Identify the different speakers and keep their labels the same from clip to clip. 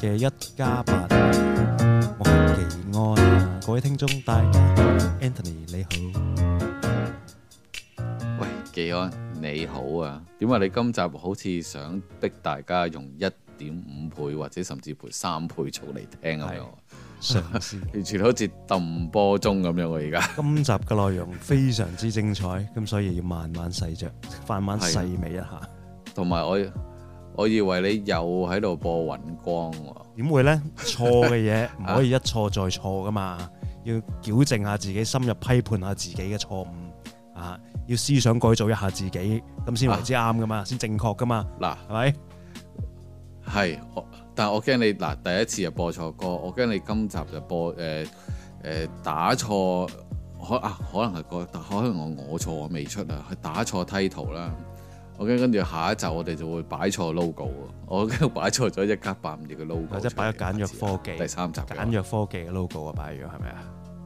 Speaker 1: 嘅一加八，1 1 8, 我係紀安啊！各位聽眾大家好
Speaker 2: ，Anthony 你好，喂，紀安你好啊！點解你今集好似想逼大家用一點五倍或者甚至乎三倍草嚟聽啊？係是，
Speaker 1: 完
Speaker 2: 全好似揼波鐘咁樣喎！而家
Speaker 1: 今集嘅內容非常之精彩，咁 所以要慢
Speaker 2: 慢細嚼，慢慢細味一下。同埋我。我以為你又喺度播雲光喎？
Speaker 1: 點會咧？錯嘅嘢唔可以一錯再錯噶嘛， 啊、要矯正下自己，深入批判下自己嘅錯誤啊！要思想改造一下自己，咁先為之啱噶嘛，先、啊、正確噶嘛。嗱、啊，係咪？
Speaker 2: 係，但係我驚你嗱，第一次就播錯歌，我驚你今集就播誒誒、呃呃、打錯可啊，可能係個，但可能我我錯我未出啊，係打錯梯圖啦。我驚跟住下一集我哋就會擺錯 logo 啊。我驚擺錯咗一家852嘅 logo，或者擺咗簡約科技第三集，簡約科技嘅 logo 啊，擺咗係咪啊？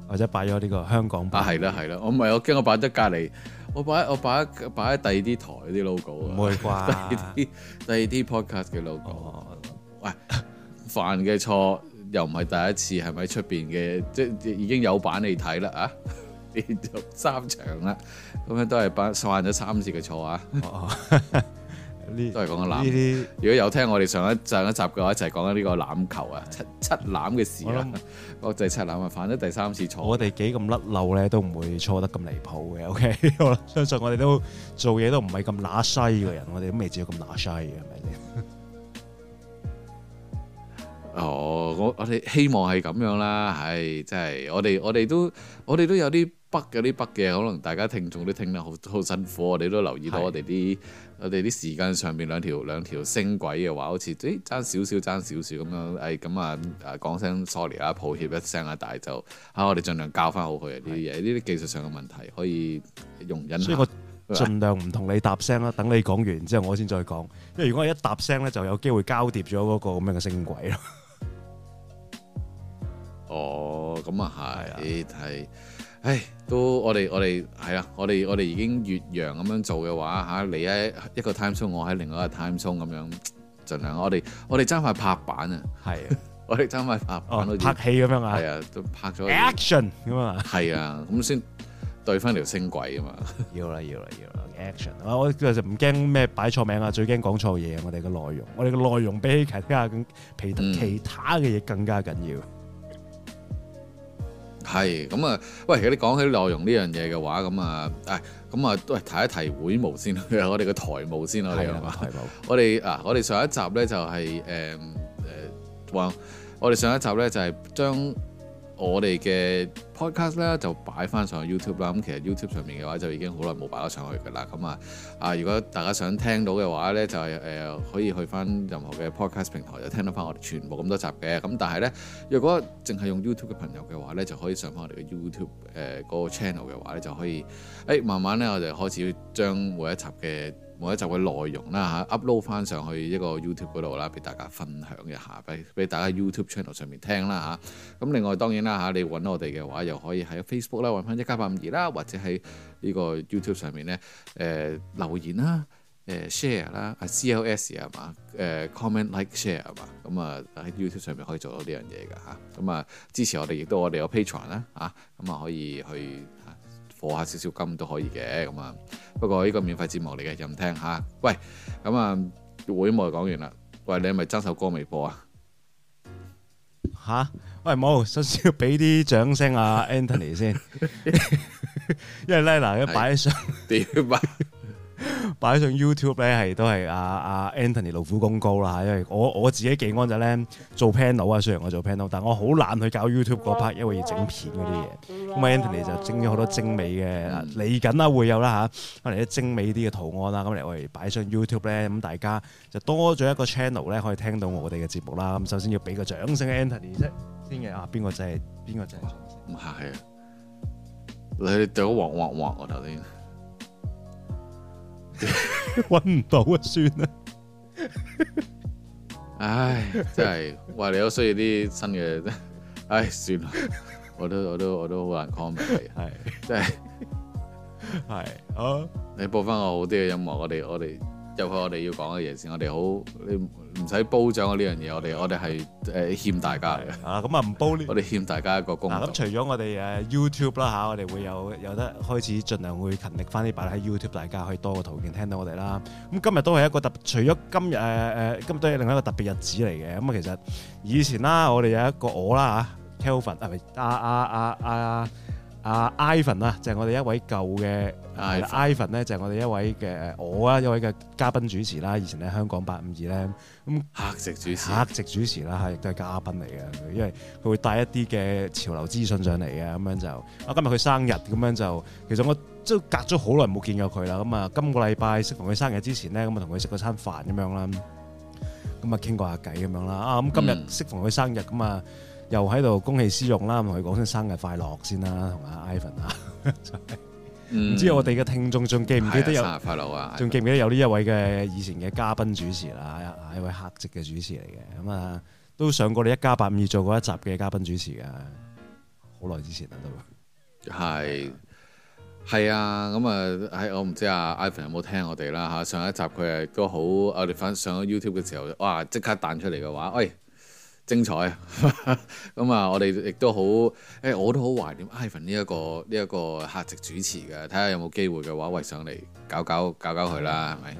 Speaker 2: 或者擺咗呢個香港版？係啦係啦，我唔係我驚我擺咗隔離，我擺我擺我擺喺第二啲台啲 logo 啊，唔會啩？第二啲 第二啲 podcast 嘅 logo、哦、喂，犯嘅錯又唔係第一次係咪？出邊嘅即係已經有版你睇啦啊！連續三場啦，咁樣都係犯咗三次嘅錯啊！呢都係講個欖。如果有聽我哋上一上一集嘅話，一齊講緊呢個欖球啊，七七欖嘅事啦。國際七欖啊，犯咗第三次錯。我哋幾咁甩漏咧，都唔會錯得咁離譜嘅。OK，我相信我哋都
Speaker 1: 做嘢都唔係咁乸西嘅人，我哋都未至於咁乸西嘅，係咪？
Speaker 2: 哦，我我哋希望係咁樣啦。唉，真係我哋我哋都我哋都有啲。北嗰啲北嘅，可能大家聽眾都聽得好好辛苦，我哋都留意到我哋啲的我哋啲時間上面兩條兩條聲軌嘅話，好似啲爭少少爭少少咁樣，誒咁啊誒講聲 sorry 啊，抱歉一聲啊，大就嚇我哋盡量教翻好佢啊啲嘢，呢啲的技術上嘅問題可以容忍。所以我盡
Speaker 1: 量唔同你答聲啦，啊、等你講完之後我先再講，
Speaker 2: 因為如果我一答聲咧，就有機會交
Speaker 1: 疊咗嗰個咁樣嘅聲軌
Speaker 2: 咯。哦，咁啊係係。的唉，都我哋我哋係啊，我哋我哋已經越洋咁樣做嘅話嚇，你喺一個 time zone，我喺另外一個 time zone 咁樣，儘量我哋我哋爭快拍板啊，係，我哋爭快拍板，啊、 拍戲咁樣啊，係啊，都拍咗 action 咁啊，係啊，咁先對返條聲軌啊嘛， 要啦要啦要啦，action，
Speaker 1: 啊，我其實唔驚咩擺錯名啊，最驚講錯嘢，我哋嘅內容，我哋嘅內容比起其他皮其他嘅嘢更加緊要。嗯。
Speaker 2: 係，咁啊，喂，如果你講起內容呢樣嘢嘅話，咁啊，誒，咁啊，都係提一提會務先，啦。 模我哋們嘅台務先啦，你啊嘛，我哋啊，我哋上一集咧就係誒誒話，我哋上一集咧就係、是、將，我哋嘅 podcast 咧就擺翻上去 YouTube 啦，咁其實 YouTube 上面嘅話就已經好耐冇擺得上去㗎喇，咁啊啊如果大家想聽到嘅話呢，就係誒、呃、可以去翻任何嘅 podcast 平台就聽得翻我哋全部咁多集嘅，咁但係呢，若果淨係用 YouTube 嘅朋友嘅話呢，就可以上翻我哋嘅 YouTube 誒、呃、嗰、那個 channel 嘅話呢，就可以誒、哎、慢慢呢，我就開始要將每一集嘅每一集嘅內容啦嚇，upload 翻上去一個 YouTube 度啦，俾大家分享一下，俾俾大家 YouTube channel 上面聽啦嚇。咁另外當然啦嚇，你揾我哋嘅話，又可以喺 Facebook 啦，揾翻一家八五二啦，或者喺呢個 YouTube 上面咧，誒、呃、留言啦，誒、呃、share 啦、啊，啊 CLS 係嘛，誒、呃、comment like share 啊嘛，咁啊喺 YouTube 上面可以做到呢樣嘢㗎吓。咁啊支持我哋，亦都我哋有 Patreon 啦、啊、嚇，咁啊可以去。播下少少金都可以嘅，咁啊，不過呢個免費節目嚟嘅，任聽吓。喂，咁啊會冇講完啦。喂，你係咪爭首歌未播啊？
Speaker 1: 吓？喂，冇，首先俾啲掌聲啊，Anthony 先，因為 Lena 要擺喺上面。擺上 YouTube 咧，係都係阿阿 Anthony 勞苦功高啦，因為我我自己幾安仔咧，做 panel 啊，雖然我做 panel，但我好懶去搞 YouTube 嗰 part，因為要整片嗰啲嘢。咁阿、嗯、Anthony 就整咗好多精美嘅，嚟緊啦會有啦吓，可能啲精美啲嘅圖案啦，咁嚟我哋擺上 YouTube 咧，咁大家就多咗一個 channel 咧，可以聽到我哋嘅節目啦。咁首先要俾個掌聲，Anthony 先嘅，啊邊個仔？邊個仔啊？咁
Speaker 2: 客氣，你對我黃黃黃我頭先。
Speaker 1: 搵唔 到啊，算啦！
Speaker 2: 唉，真係，哇，你都需要啲新嘅，唉，算啦，我都我都我都好難 convey，係，真係，係，好、uh，你播翻個好啲嘅音樂，我哋我哋。就係我哋要講嘅嘢先，我哋好，你唔使褒獎啊呢樣嘢，我哋我哋係誒欠大家嘅。啊，咁啊唔褒呢？我哋欠大家一個公。嗱，咁除咗
Speaker 1: 我哋誒 YouTube 啦，嚇，我哋會有有得開始，盡量會勤力翻啲擺喺 YouTube，大家可以多個途徑聽到我哋啦。咁今日都係一個特，除咗今日誒誒，今日都係另一個特別日子嚟嘅。咁啊，其實以前啦，我哋有一個我啦，嚇，Kelvin 係咪啊啊啊啊！阿、uh, Ivan 啊，就係我哋一位舊嘅，阿 Ivan、uh, Ivan 咧，就係我哋一位嘅、uh, 我啊，一位嘅嘉賓主持啦。以前咧香港八五二咧，咁客席主持，客席主持啦，係亦都係嘉賓嚟嘅。因為佢會帶一啲嘅潮流資訊上嚟嘅，咁樣就啊，今日佢生日，咁樣就其實我都隔咗好耐冇見過佢啦。咁啊，今個禮拜適逢佢生日之前咧，咁啊同佢食嗰餐飯咁樣啦，咁啊傾過下偈咁樣啦。啊、咁、啊、今日適逢佢生日咁啊。嗯又喺度，恭喜思勇啦！同佢講聲生日快樂先啦，同阿 Ivan 啊， 唔知我哋嘅聽眾仲記唔記得有？嗯啊、生日快樂啊！仲記唔記得有呢一位嘅以前嘅嘉賓主持啦？係、嗯、一位客席嘅主持嚟嘅，咁、嗯、啊都上過你一家八五二做過一集嘅嘉賓主持嘅，好耐
Speaker 2: 之前啦，都係係是啊！咁啊喺、啊、我唔知阿、啊、Ivan 有冇聽我哋啦嚇，上一集佢誒都好，我哋翻上咗 YouTube 嘅時候，哇！即刻彈出嚟嘅話，喂、哎、～精彩咁啊， 我哋亦都好，誒、欸，我都好懷念 Ivan 呢、呢、一個呢一、呢個客席主持嘅，睇下有冇機會嘅話，圍上嚟搞搞搞搞佢啦，係咪？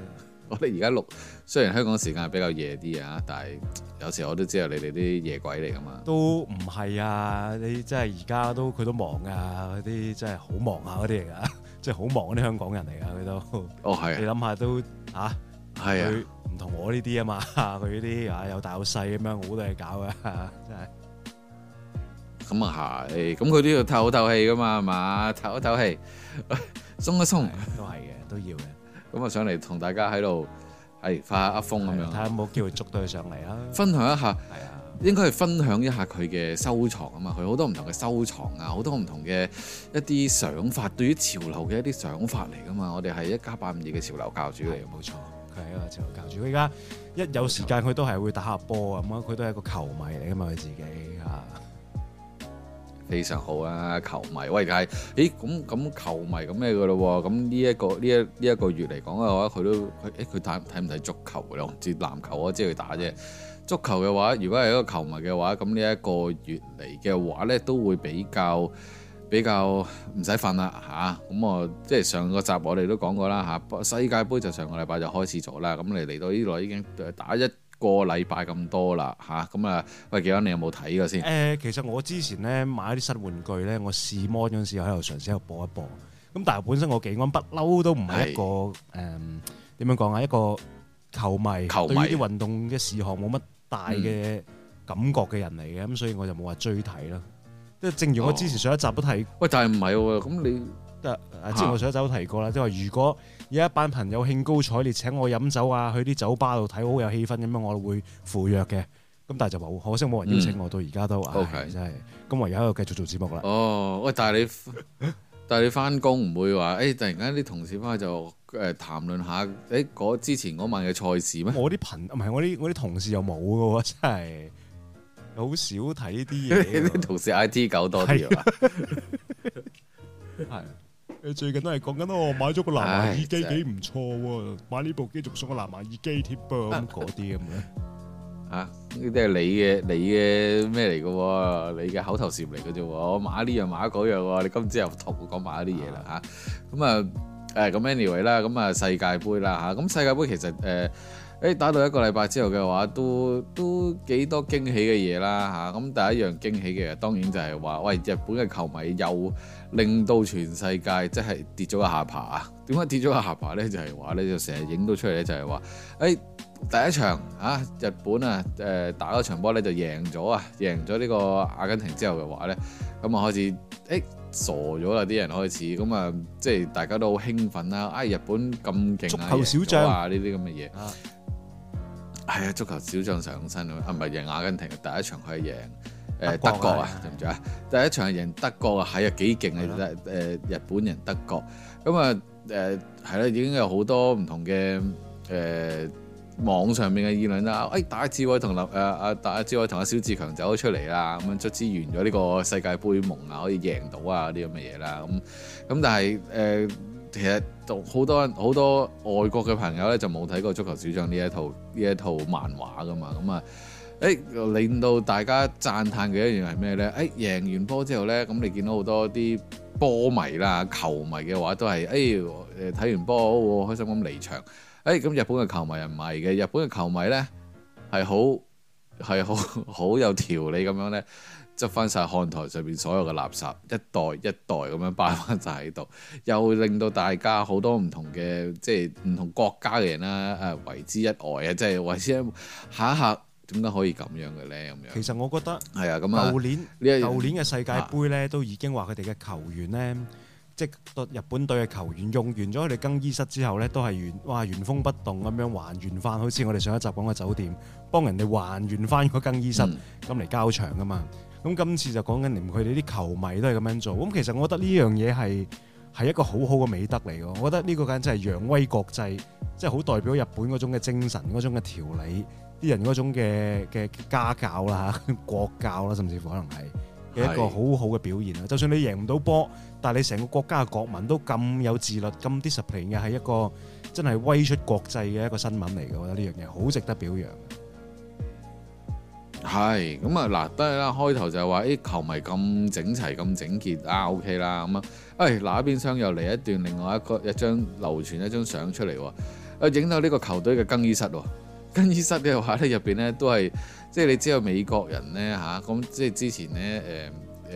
Speaker 2: 我哋而家錄，雖然香港時間係比較夜啲啊，但係有時候我都知道你哋啲夜鬼嚟㗎嘛。
Speaker 1: 都唔係啊！你真係而家都佢都忙啊！嗰啲真係好忙，啊、 忙啊！嗰啲嚟㗎，真係好忙嗰啲香港人嚟㗎，佢都。哦，係。你諗下都吓，係啊。唔同我呢啲啊嘛，佢呢啲啊有大有細咁樣，我都係搞嘅，
Speaker 2: 真係。咁啊係，咁佢都要透透氣噶嘛，係嘛，透一透氣，鬆一鬆，都係嘅，都要嘅。咁啊、嗯、上嚟同大家喺度係發下風咁樣，睇下有冇機會捉到佢上嚟啊！ 分享一下，係啊的，應該係分享一下佢嘅收藏啊嘛，佢好多唔同嘅收藏啊，好多唔同嘅一啲想法，對於潮流嘅一啲想法嚟噶嘛，我哋係一家八五二嘅潮流教主嚟嘅的，冇錯。佢係一個潮
Speaker 1: 流教主，佢而家一有時間佢都係會打下波啊！咁樣佢都係一個球迷嚟噶嘛，佢自己啊，
Speaker 2: 非常好啊！球迷喂，但係，咦咁咁球迷咁咩噶咯？咁呢一個呢一呢一個月嚟講嘅話，佢都佢佢睇睇唔睇足球㗎？唔接籃球啊，即係去打啫。足球嘅話，如果係一個球迷嘅話，咁呢一個月嚟嘅話咧，都會比較。比較唔使瞓啦嚇，咁啊我即係上個集我哋都講過啦嚇、啊，世界盃就上個禮拜就開始咗啦，咁你嚟到呢度已經打一個禮拜咁多啦嚇，咁啊喂，幾安你有冇睇過先？誒、呃，其實我之前咧買啲新玩具
Speaker 1: 咧，我試摩嗰陣時，喺度嘗試喺度播一播。咁但係本身我幾安不嬲都唔係一個誒點的、呃、樣講啊，一個球迷，球迷對呢啲運動嘅事項冇乜大嘅感覺嘅人嚟嘅，咁的、嗯、所以我就冇話追睇啦。正如我之前上一集都提，
Speaker 2: 喂、哦，但係唔係喎？咁你
Speaker 1: 得啊？之前我上一集都提過啦，即係話如果有一班朋友興高采烈請我飲酒啊，去啲酒吧度睇好有氣氛咁樣，我會赴約嘅。咁但係就冇，可惜冇人邀請我，嗯、到而家都，唉 Okay.、哎，真係。咁唯有喺度繼續做節目啦。
Speaker 2: 哦，喂，但係你但係你返工唔會話，誒、哎，突然間啲同事返去就誒談論下，誒、哎、嗰之前嗰晚嘅賽事咩？我啲朋
Speaker 1: 唔係，我啲我啲同事又冇嘅喎，真係。好少睇呢啲嘢，啲
Speaker 2: 同事 I T 搞多啲啊！
Speaker 1: 係，最近都係講緊咯，我買咗個藍牙耳機，幾唔錯喎。買呢部機仲送個藍牙耳機貼噃，咁嗰啲咁咧，
Speaker 2: 啊，呢啲係你嘅，你嘅咩嚟噶？你嘅口頭禪嚟噶啫。我買呢樣，買嗰樣，你今朝又同我講買啲嘢啦。吓，咁啊，誒，咁 anyway 啦，咁啊世界杯啦吓，咁世界杯其實誒。誒打到一個禮拜之後嘅話，都都幾多驚喜嘅嘢啦嚇！咁、啊、第一樣驚喜嘅嘢，當然就係話，喂，日本嘅球迷又令到全世界即係跌咗個下巴啊！點解跌咗個下巴呢？就係話呢，就成日影到出嚟咧，就係話，誒第一場啊，日本啊，誒、呃、打咗場波呢就贏咗啊，贏咗呢個阿根廷之後嘅話呢，咁啊開始誒、欸、傻咗啦，啲人開始咁啊，即係大家都好興奮啦！啊，日本咁勁啊，足球小將啊呢啲咁嘅嘢。係啊、哎，足球小將上身啊，唔係贏阿根廷，第一場佢係贏誒、呃、德國啊，國的對唔對啊？第一場係贏德國啊，係啊，幾勁啊！誒的、呃、日本人德國，咁啊誒係啦，已經有好多唔同嘅誒、呃、網上面嘅議論啦，誒戴、哎、志偉同林誒阿戴志偉同阿小志強走咗出嚟啦，咁樣卒之完咗呢個世界盃夢啊，可以贏到啊啲咁嘅嘢啦，咁咁、嗯嗯、但係誒。呃其實就好多好多外國嘅朋友咧，就冇睇過足球小將呢一套呢一套漫畫噶嘛，咁啊，誒令到大家讚歎嘅一樣係咩咧？誒贏完波之後咧，咁你見到好多啲波迷啦、球迷嘅話都係誒誒睇完波我開心咁離場，誒咁日本嘅球迷又唔係嘅，日本嘅球迷咧係好係好好有條理咁樣咧。執翻晒看台上邊所有嘅垃圾，一袋一袋咁樣擺翻晒喺度，又令到大家好多唔同嘅即係唔同國家嘅人啦、啊，誒為之一外。啊！即係為之一一下一刻點解可以咁樣嘅咧？咁樣其實我覺得係啊，咁啊，舊年舊年嘅世界
Speaker 1: 盃咧，都已經話佢哋嘅球員咧，啊、即係日本隊嘅球員用完咗佢哋更衣室之後咧，都係完哇原封不動咁樣還原翻，好似我哋上一集講嘅酒店幫人哋還原翻個更衣室咁嚟、嗯、交場噶嘛。咁今次就講緊連佢哋啲球迷都係咁樣做，咁其實我覺得呢樣嘢係係一個好好嘅美德嚟嘅，我覺得呢個簡直係揚威國際，即係好代表日本嗰種嘅精神、嗰種嘅條理，啲人嗰種嘅嘅家教啦、國教啦，甚至乎可能係嘅一個好好嘅表現啦。是就算你贏唔到波，但係你成個國家嘅國民都咁有自律、咁 discipline 嘅，係一個真係威出國際嘅一個新聞嚟嘅，我覺得呢樣嘢好值得表揚。
Speaker 2: 係咁啊！嗱，當、欸、然、啊 OK、啦，開頭就係話，誒球迷咁整齊咁整潔啊，OK 啦咁啊。誒，嗱，一邊箱又嚟一段，另外一個一張流傳一張相出嚟喎。啊，影到呢個球隊嘅更衣室喎。更衣室嘅話咧，入邊咧都係即係你知啊，美國人咧吓，咁、啊、即係之前咧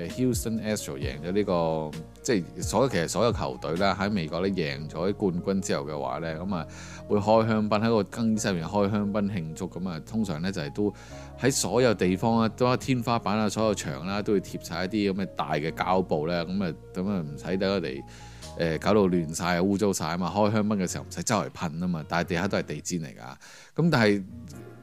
Speaker 2: 誒誒，Houston Astro 贏咗呢、這個即係所其實所有球隊啦喺美國咧贏咗冠軍之後嘅話咧咁啊，會開香檳喺個更衣室入面開香檳慶祝咁啊，通常咧就係、是、都。喺所有地方啊，都天花板啦，所有牆啦，都會貼晒一啲咁嘅大嘅膠布咧，咁啊，咁啊唔使等佢哋誒搞到亂晒、污糟晒啊嘛！開香檳嘅時候唔使周圍噴啊嘛，但係地下都係地氈嚟㗎。咁但係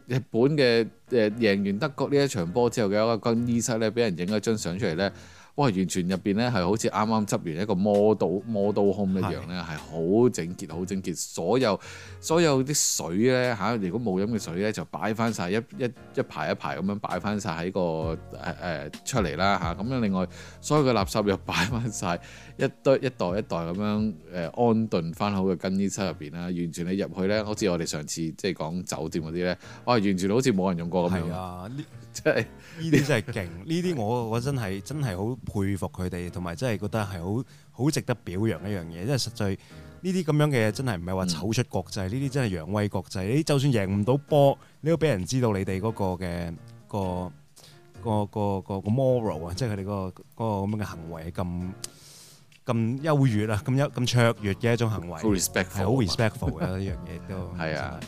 Speaker 2: 日本嘅誒、呃、贏完德國呢一場波之後嘅一個更衣室咧，俾人影咗張相出嚟咧。哇！完全入邊呢，係好似啱啱執完一個 model model home 一樣呢，係好是整潔好整潔。所有所有啲水呢，嚇、啊，如果冇飲嘅水呢，就擺翻晒，一一一排一排咁樣擺翻晒喺個誒誒、呃、出嚟啦嚇。咁、啊、樣另外所有嘅垃圾又擺翻晒，一堆一袋一袋咁樣誒安頓翻好嘅更衣室入邊啦。完全你入去呢，好似我哋上次即係講酒店嗰啲呢，哇、啊！完全好似冇人用過咁樣。真係呢啲真係勁，呢啲我我真係真係好佩服佢哋，
Speaker 1: 同埋真係覺得係好好值得表揚一樣嘢。因為實在呢啲咁樣嘅嘢真係唔係話醜出國際，呢啲真係揚威國際，你就算贏唔到波，你都俾人知道你哋個嘅、嗰個、嗰個、嗰個、嗰個、嗰個 moral 啊，即係佢哋個個嗰咁樣嘅行為咁咁優越啊，咁優咁卓越嘅一種行為，係好 respectful 嘅一樣嘢都。係 啊。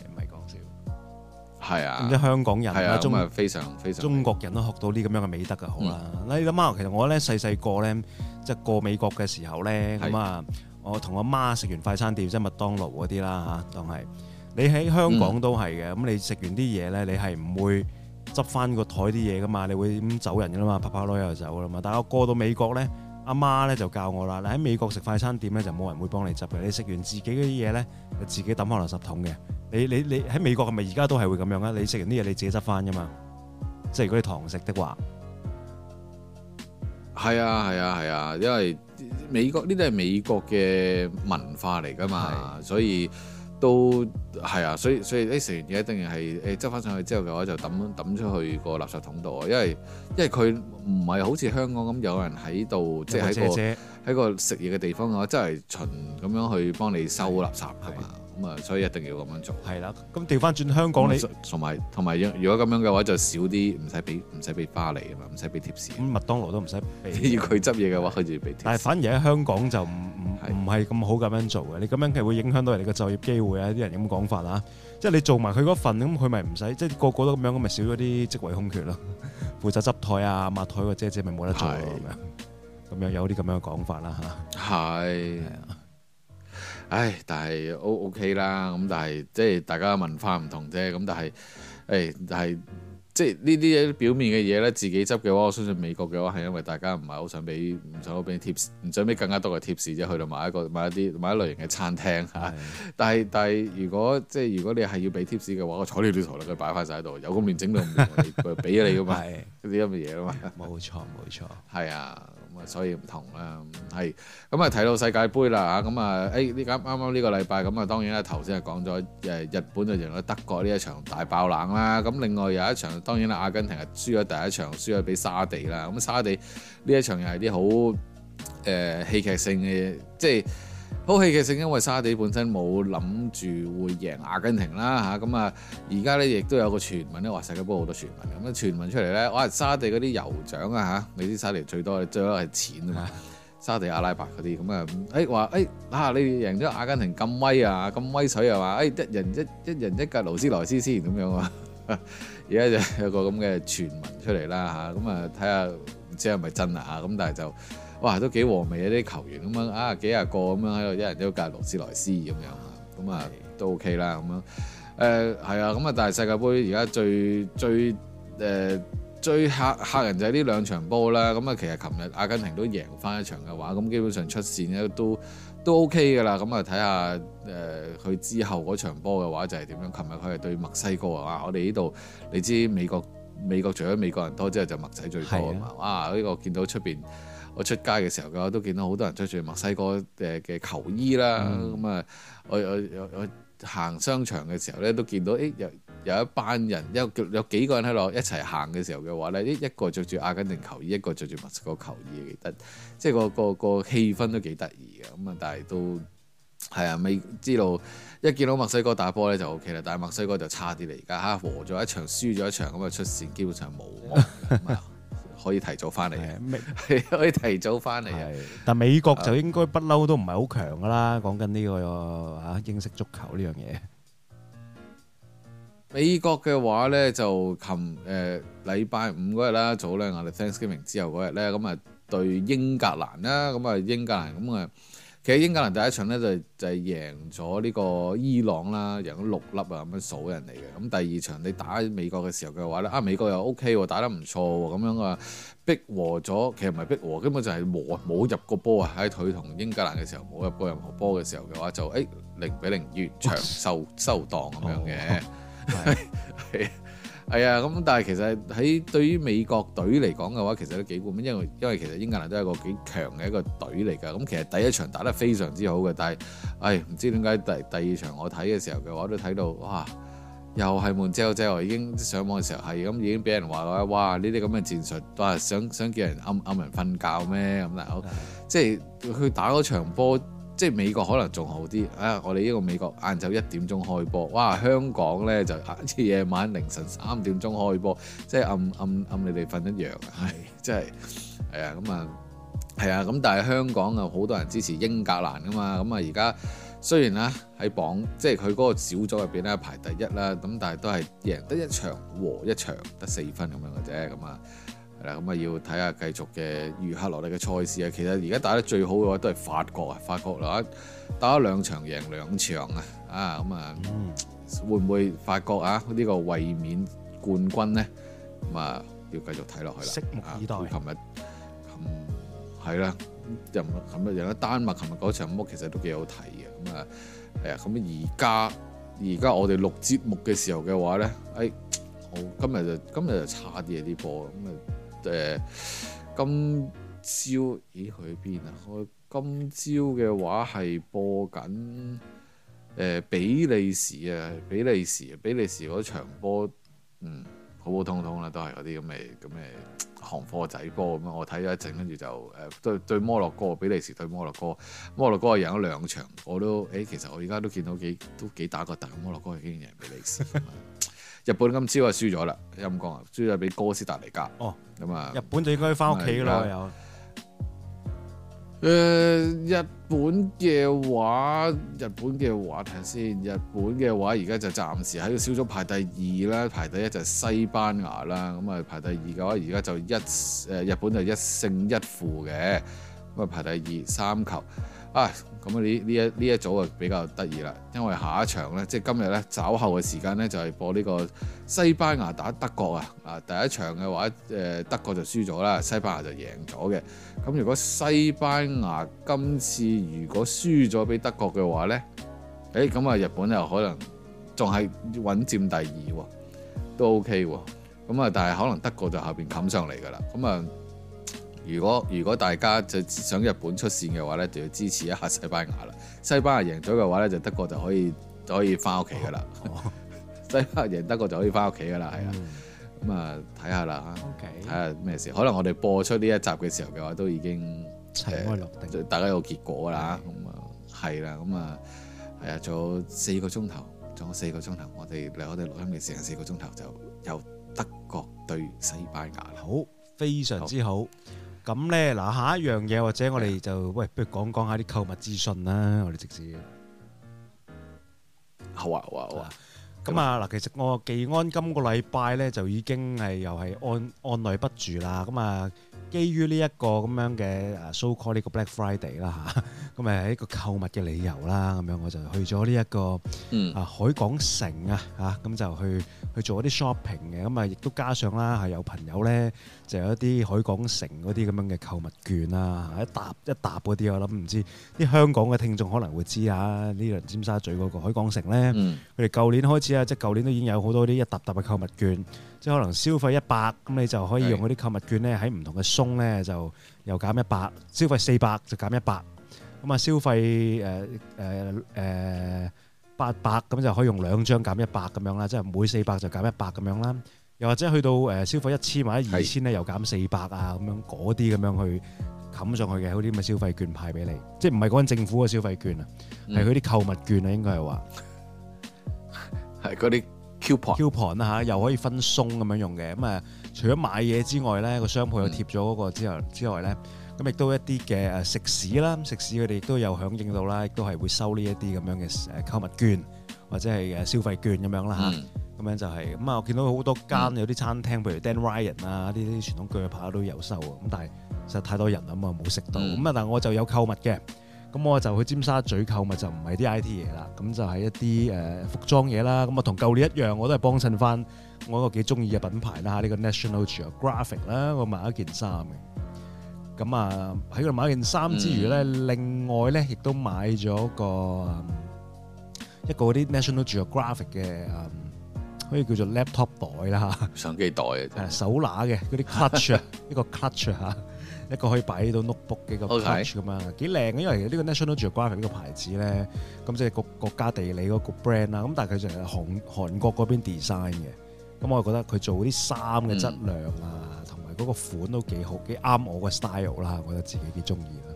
Speaker 1: 係啊，咁啲香港人啦，咁啊中非常非常中國人都學到啲咁樣嘅美德㗎，好啦。嗯、你諗吓其實我咧細細個咧即係過美國嘅時候咧，咁啊我同阿媽食完快餐店，即係麥當勞嗰啲啦嚇，當係你喺香港都係嘅，咁、嗯、你食完啲嘢咧，你係唔會執翻個台啲嘢㗎嘛，你會咁走人㗎嘛，啪啪落又走㗎嘛。但係我過到美國咧。阿媽咧就教我啦，你喺美國食快餐店咧就冇人會幫你執嘅，你食完自己嗰啲嘢咧就自己抌放入垃圾桶嘅。你你你喺美國係咪而家都係會咁樣啊？你食完啲嘢你自己執翻噶嘛，即係如果你堂食的話。
Speaker 2: 係啊係啊係啊，因為美國呢啲係美國嘅文化嚟噶嘛，係所以。都係啊，所以所以你食完嘢一定係誒執翻上去之後嘅話，就抌抌出去個垃圾桶度啊，因為因為佢唔係好似香港咁有人喺度，即係喺個喺個食嘢嘅地方嘅話，真係巡咁樣去幫你收垃圾㗎嘛。咁啊，所以一定要咁樣做。係啦，
Speaker 1: 咁調翻轉香港你
Speaker 2: 同埋同埋，如果咁樣嘅話，就少啲唔使俾唔使俾花嚟啊嘛，唔使俾貼士。咁
Speaker 1: 麥當勞都唔使俾。佢
Speaker 2: 執嘢嘅話，佢就要俾。但係
Speaker 1: 反而喺香港就唔唔唔係咁好咁樣做嘅。你咁樣其實會影響到人哋嘅就業機會啊！啲人咁講法啊，即係你做埋佢嗰份，咁佢咪唔使，即係個個都咁樣，咁咪少咗啲職位空缺咯。負責執台啊、抹台嘅姐姐咪冇得做咯，咁樣有啲咁樣嘅講法啦嚇。
Speaker 2: 係。唉，但係 O O K 啦，咁、okay，但係即係大家文化唔同啫，咁但係，誒，但係即係呢啲表面嘅嘢咧，自己執嘅話，我相信美國嘅話係因為大家唔係好想俾唔想俾貼唔想俾更加多嘅貼士啫，去到買一個買一啲買一類型嘅餐廳嚇是的。但係但係如果即係是的 如，如果你係要俾貼士嘅話，我坐呢啲台咧，佢擺翻晒喺度，有個面整到唔同，佢俾咗你噶嘛，啲咁嘅嘢啊嘛，冇錯冇錯，係啊的。所以唔同啦，係咁啊！睇到世界杯啦嚇，咁啊誒呢啱啱呢個禮拜咁啊，當然啦頭先係講咗誒日本就贏咗德國呢一場大爆冷啦，咁另外有一場當然啦阿根廷係輸咗第一場，輸咗俾沙地啦，咁沙地呢一場又係啲好誒戲劇性嘅，即係。好戲劇性因為沙地本身冇諗住會贏阿根廷啦嚇，咁啊而家咧亦都有個傳聞咧，話世界波好多傳聞咁啊傳聞出嚟咧，我話沙地嗰啲酋長啊嚇，你知沙地最多最多係錢啊，嘛，沙地阿拉伯嗰啲咁啊，誒話誒啊你贏咗阿根廷咁威啊咁威水啊嘛，誒、哎、一人一一人一架勞斯萊斯先咁樣啊。而家就有個咁嘅傳聞出嚟啦嚇，咁啊睇下唔知係咪真啊，咁但係就。哇，都幾和味啊！啲球員咁樣啊，幾廿個咁樣喺度，一人一架勞斯萊斯咁樣啊，咁啊都 O K 啦咁樣。誒係啊，咁啊的、呃，但係世界盃而家最最誒、呃、最嚇嚇人就係呢兩場波啦。咁、嗯、啊，其實琴日阿根廷都贏翻一場嘅話，咁基本上出線都都 O K 噶啦。咁、嗯、啊，睇下誒佢之後嗰場波嘅話就係點樣。琴日佢係對墨西哥啊，我哋呢度你知美國美國除咗美國人多之後就墨仔最多的啊嘛。哇、這個！呢個見到出邊。我出街嘅時候嘅，我都見到好多人着住墨西哥嘅嘅球衣啦。咁啊，我我我行商場嘅時候咧，都見到誒、欸、有有一班人有有幾個人喺度一齊行嘅時候嘅話咧，一一個著住阿根廷球衣，一個着住墨西哥球衣，記得即係個個個氣氛都幾得意嘅。咁啊，但係都係啊，未知道一見到墨西哥打波咧就 O K 啦。但係墨西哥就差啲啦，而家嚇和咗一場，輸咗一場咁啊，出線基本上冇。 可以提早翻嚟嘅，係的 可以提早翻嚟。係，
Speaker 1: 但美國就應該不嬲都唔係好強㗎啦。講緊呢個嚇英式足球呢樣嘢。
Speaker 2: 美國嘅話咧，就琴誒禮拜五嗰日啦，早咧，我哋 Thanksgiving 之後嗰日咧，咁啊對英格蘭啦，咁啊英格蘭咁啊。其實英格蘭第一場咧就係就係贏咗呢個伊朗啦，贏咗六粒啊咁樣數人嚟嘅。咁第二場你打美國嘅時候嘅話咧，啊美國又 OK 喎，打得唔錯喎，咁樣啊逼和咗。其實唔係逼和，根本就係和冇入過波啊，喺佢同英格蘭嘅時候冇入過任何波嘅時候嘅話，就誒零比零完場收 收檔咁樣嘅。係啊，咁、哎、但係其實喺對於美國隊嚟講嘅話，其實都幾悶，因為因為其實英格蘭都係個幾強嘅一個隊嚟㗎。咁其實第一場打得非常之好嘅，但係，唉、哎，唔知點解第二第二場我睇嘅時候嘅話都睇到，哇，又係悶唧唧喎！已經上網嘅時候係咁已經俾人話啦，哇，呢啲咁嘅戰術都係想想叫人暗暗人瞓覺咩咁？大佬，的即係佢打嗰場波。即係美國可能仲好啲啊！我哋呢個美國晏晝一點鐘開波，哇！香港呢就夜晚凌晨三點鐘開波，即係暗暗暗你哋瞓一樣啊！係、嗯，真係係啊咁啊係啊咁，但係香港啊好多人支持英格蘭噶嘛，咁啊而家雖然啦喺榜即係佢嗰個小組入邊呢，排第一啦，咁但係都係贏得一場和一場得四分咁樣嘅啫，咁、嗯、啊。嗯咁啊，要睇下繼續嘅預刻落嚟嘅賽事啊。其實而家打得最好嘅話都係法國啊，法國啊打咗兩場贏兩場啊。啊，咁啊，會唔會法國啊呢個衛冕冠軍咧？咁啊，要繼續睇落去啦，拭目以待。琴日，琴係啦，又琴日贏咗丹麥。琴日嗰場咁，其實都幾好睇嘅。咁啊，係咁而家而家我哋錄節目嘅時候嘅話咧，誒，我今日就今日就差啲啊啲波咁啊。誒，今朝咦去邊啊？我今朝嘅話係播緊誒、呃、比利時啊，比利時啊，比利時嗰、啊、場波，嗯，普普通通啦、啊，都係嗰啲咁嘅咁嘅行貨仔波咁啊。我睇咗一陣，跟住就誒、呃、對對摩洛哥，比利時對摩洛哥，摩洛哥贏咗兩場，我都誒、欸，其實我而家都見到幾都幾打個突，摩洛哥竟然贏比利時、啊。 日本今朝啊，輸咗啦，陰公啊，輸咗俾哥斯達黎加哦。咁啊就，日本就應該翻屋企啦。又誒，日本嘅話，日本嘅話睇先。日本嘅話，而家就暫時喺個小組排第二啦，排第一就係西班牙啦。咁啊，排第二嘅話，而家就一誒，日本就一勝一負嘅，咁啊排第二三球。啊，咁啊呢呢一呢一組啊比較得意啦，因為下一場呢，即係今日呢，稍後嘅時間呢，就係、是、播呢個西班牙打德國啊！啊第一場嘅話，誒、呃、德國就輸咗啦，西班牙就贏咗嘅。咁如果西班牙今次如果輸咗俾德國嘅話呢，誒咁啊日本又可能仲係穩佔第二喎、啊，都 OK 喎。咁啊，嗯、但係可能德國就後邊冚上嚟噶啦。咁、嗯、啊～如果如果大家就想日本出線嘅話咧，就要支持一下西班牙啦。西班牙贏咗嘅話咧，就德國就可以就可以翻屋企噶啦。哦哦、 西班牙贏德國就可以翻屋企噶啦，係啊。咁啊、嗯，睇下啦，睇下咩事。可能我哋播出呢一集嘅時候嘅話，都已經塵埃落定，呃、大家有結果啦。咁的、嗯、啊，係啦，咁啊係啊，仲有四個鐘頭，仲有四個鐘頭，我哋嚟我哋錄音嘅時間四、嗯、個鐘頭就由德國對西班牙。
Speaker 1: 好，非常之好。好。咁咧，嗱下一樣嘢，或者我哋就喂，不如講講下啲購物資訊啦。我哋直
Speaker 2: 接好啊，好啊，好啊。
Speaker 1: 咁啊麼，嗱、嗯，其實我技安今個禮拜咧就已經係又係按按捺不住啦。咁啊，基於呢一個咁樣嘅啊，so call 呢個 Black Friday 啦、啊、吓，咁誒一個購物嘅理由啦，咁、啊、樣我就去咗呢一個啊海港城啊吓，咁就去去做一啲 shopping 嘅。咁啊，亦都加上啦係有朋友咧。就有一啲海港城嗰啲咁樣嘅購物券啊，一沓一沓嗰啲，我諗唔知啲香港嘅聽眾可能會知啊，呢輪尖沙咀嗰個海港城咧，佢哋舊年開始啊，即係舊年都已經有好多啲一沓沓嘅購物券，即係可能消費一百咁，你就可以用嗰啲購物券咧喺唔同嘅鬆咧就又減一百，消費四百就減一百，咁啊消費誒誒誒八百咁就可以用兩張減一百咁樣啦，即係每四百就減一百咁樣啦。又或者去到誒、呃、消費一千或者二千咧，又減四百啊咁樣嗰啲咁樣去冚上去嘅，嗰啲咪消費券派俾你，即係唔係講緊政府嘅消費券啊，係佢啲購物券啊，應該係話係嗰啲 coupon coupon 啦嚇，又可以分鬆咁樣用嘅。咁、嗯、啊，除咗買嘢之外咧，個商鋪又貼咗嗰個之後之外咧，咁、嗯、亦、嗯、都一啲嘅誒食肆啦，食肆佢哋亦都有響應到啦，亦都係會收呢一啲咁樣嘅誒購物券或者係誒消費券咁樣啦嚇。嗯嗯咁樣就係咁啊！我見到好多間有啲餐廳，譬如 Dan Ryan 啊，呢啲傳統鋸扒都有售啊。咁但係實在太多人啊嘛，冇食到咁啊。嗯、但我就有購物嘅，咁我就去尖沙咀購物就唔係啲 IT 嘢啦，咁就係一啲誒服裝嘢啦。咁啊，同舊年一樣，我都係幫襯翻我一個幾中意嘅品牌啦。呢、呢個 National Geographic 啦，我買一件衫嘅。咁啊，喺度買一件衫之餘咧，嗯、另外咧亦都買咗個，個一個啲 National Geographic 嘅。嗯所以叫做 laptop 袋啦，相機袋啊，手拿嘅嗰啲 clutch 啊，clutch, 一個 clutch 嚇，一個可以擺到 notebook 嘅 clutch 咁啊看，幾靚嘅。因為呢個 National Geographic 呢個牌子咧，咁即係國國家地理嗰個 brand 啦。咁但係佢就韓韓國嗰邊 design 嘅。咁我覺得佢做啲衫嘅質量啊，同埋嗰個款都幾好，幾啱我嘅 style 啦。我覺得自己幾中意啦，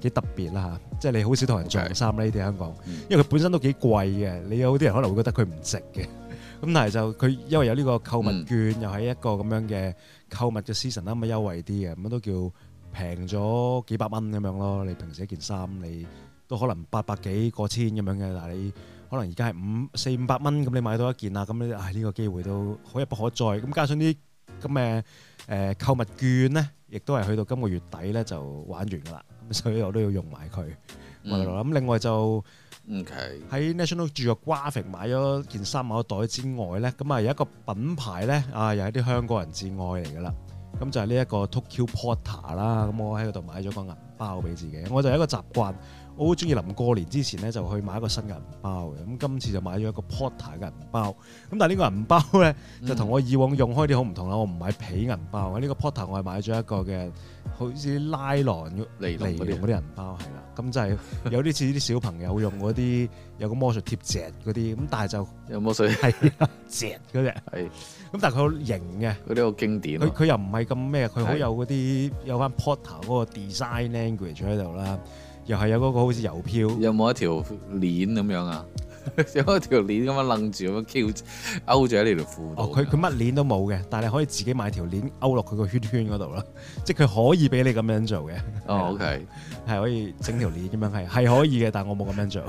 Speaker 1: 幾特別啦嚇。即係你少好少同人着衫呢啲香港，因為佢本身都幾貴嘅。你有啲人可能會覺得佢唔值嘅。咁但係就佢因為有呢個購物券，嗯、又係一個咁樣嘅購物嘅 season 啊，咁啊優惠啲嘅，咁都叫平咗幾百蚊咁樣咯。你平時一件衫你都可能八百幾過千咁樣嘅，但係你可能而家係五四五百蚊咁，你買到一件啊，咁咧，唉，呢個機會都可一不可再。咁加上啲咁嘅誒購物券咧，亦都係去到今個月底咧就玩完㗎啦。咁所以我都要用埋佢。咁、嗯、另外就。喺 National 住個瓜 a 買咗件衫，買個袋之外咧，咁啊有一個品牌咧啊又係啲香港人至愛嚟㗎啦，咁就係呢一個 Tokyo Porter 啦，咁我喺嗰度買咗個銀包俾自己，我就係一個習慣。我好中意臨過年之前咧，就去買一個新嘅銀包嘅。咁今次就買咗一個 Porter 嘅銀包。咁但係呢個銀包咧，就同我以往用開啲好唔同啦。我唔買皮銀包，這個、我呢個 Porter 我係買咗一個嘅，好似拉郎嚟嚟用嗰啲銀包係啦。咁就係有啲似啲小朋友用嗰啲 有個魔術貼隻
Speaker 2: 嗰啲。咁但係就有魔術係隻嗰隻係。咁 但係佢好型嘅，嗰啲好經典，啊。佢佢又
Speaker 1: 唔係咁咩？佢好有嗰啲有翻 Porter 嗰個 design language 喺
Speaker 2: 度啦。又係有嗰個好似郵票，有冇一條鏈咁樣啊？有一條鏈咁樣楞住咁樣翹勾住喺呢條褲度？哦，佢佢乜鏈都冇嘅，但係可以自
Speaker 1: 己買條鏈勾落佢個圈圈嗰度咯。即係佢可以俾你咁樣做嘅。哦，OK，係可以整條鏈咁樣係係可以嘅，但係我冇咁樣做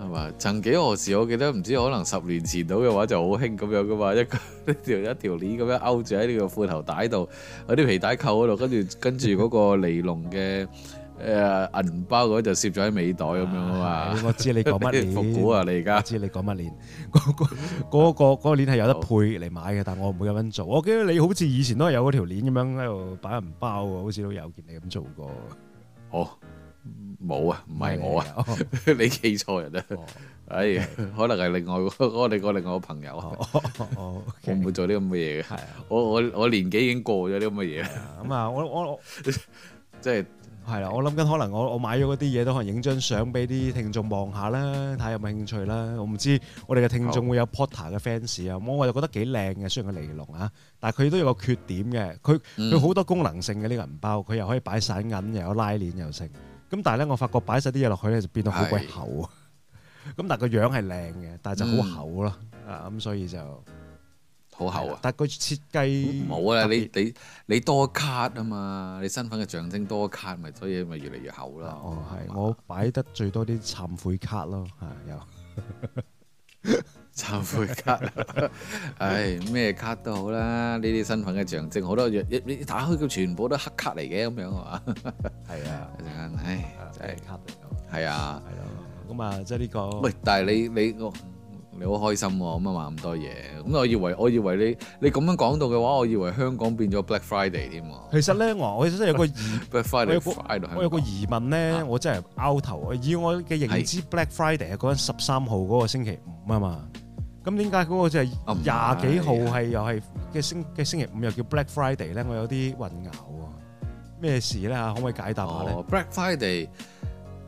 Speaker 2: 係嘛？ 曾幾何時，我記得唔知可能十年前到嘅話就好興咁樣噶嘛，一個一條一條鏈咁樣勾住喺呢個褲頭帶度，嗰啲皮帶扣嗰度，跟住跟住嗰個尼龍嘅。 誒，銀包嗰就攝咗喺尾袋咁樣啊嘛！我知你講乜鏈，復古啊！你而家知你講乜鏈。嗰
Speaker 1: 個嗰個鏈係有得配嚟買嘅，但我唔會咁樣做。我記得你好似以前都係有嗰條鏈咁樣喺度擺銀包啊，好似都有見你咁做過。
Speaker 2: 好，冇啊，唔係我啊，你記錯人啊。哎，可能係另外我哋個另外個朋友，我唔會做啲咁嘅嘢嘅，我我我年紀已經過咗啲咁嘅嘢
Speaker 1: 咁啊，我我即係。係啦，我諗緊可能我我買咗嗰啲嘢都可能影張相俾啲聽眾望下啦，睇下有冇興趣啦。我唔知我哋嘅聽眾會有 Porter 嘅 fans 啊，我我就覺得幾靚嘅，雖然佢尼龍啊，但係佢都有個缺點嘅。佢佢好多功能性嘅呢個銀包，佢又可以擺散銀，又有拉鍊又成。咁但係咧，我發覺擺曬啲嘢落去咧就變到好鬼厚啊。咁但係個樣係靚嘅，但係就好厚咯。
Speaker 2: 啊咁，所以就。好厚啊！但佢設計冇啊！你你你多卡啊嘛，你身份嘅象徵多卡，咪所以咪越嚟越厚啦。哦，係我擺
Speaker 1: 得最多啲懺悔卡咯，
Speaker 2: 嚇有懺悔卡。唉，咩卡都好啦，呢啲身份嘅象徵好多嘢，你打開佢全部都黑卡嚟嘅咁樣啊嘛。係啊，一陣間唉，真係卡嚟嘅。係啊，咁啊，即係呢個。喂，但係你你我。你好開心喎，咁樣買咁多嘢，咁我以為我以為你你咁樣講到嘅話，我以為香港變咗 Black Friday 添喎。
Speaker 1: 其實咧，我我真係有
Speaker 2: 個我有個我
Speaker 1: 有個疑問咧，我真係拗頭。以我嘅認知，Black Friday 係講緊十三號嗰個星期五啊嘛。咁點解嗰個即係廿幾號係又係嘅星嘅星期五又叫 Black Friday 咧？我有啲混淆喎。咩事咧？可唔可以解答
Speaker 2: 下咧？Black Friday。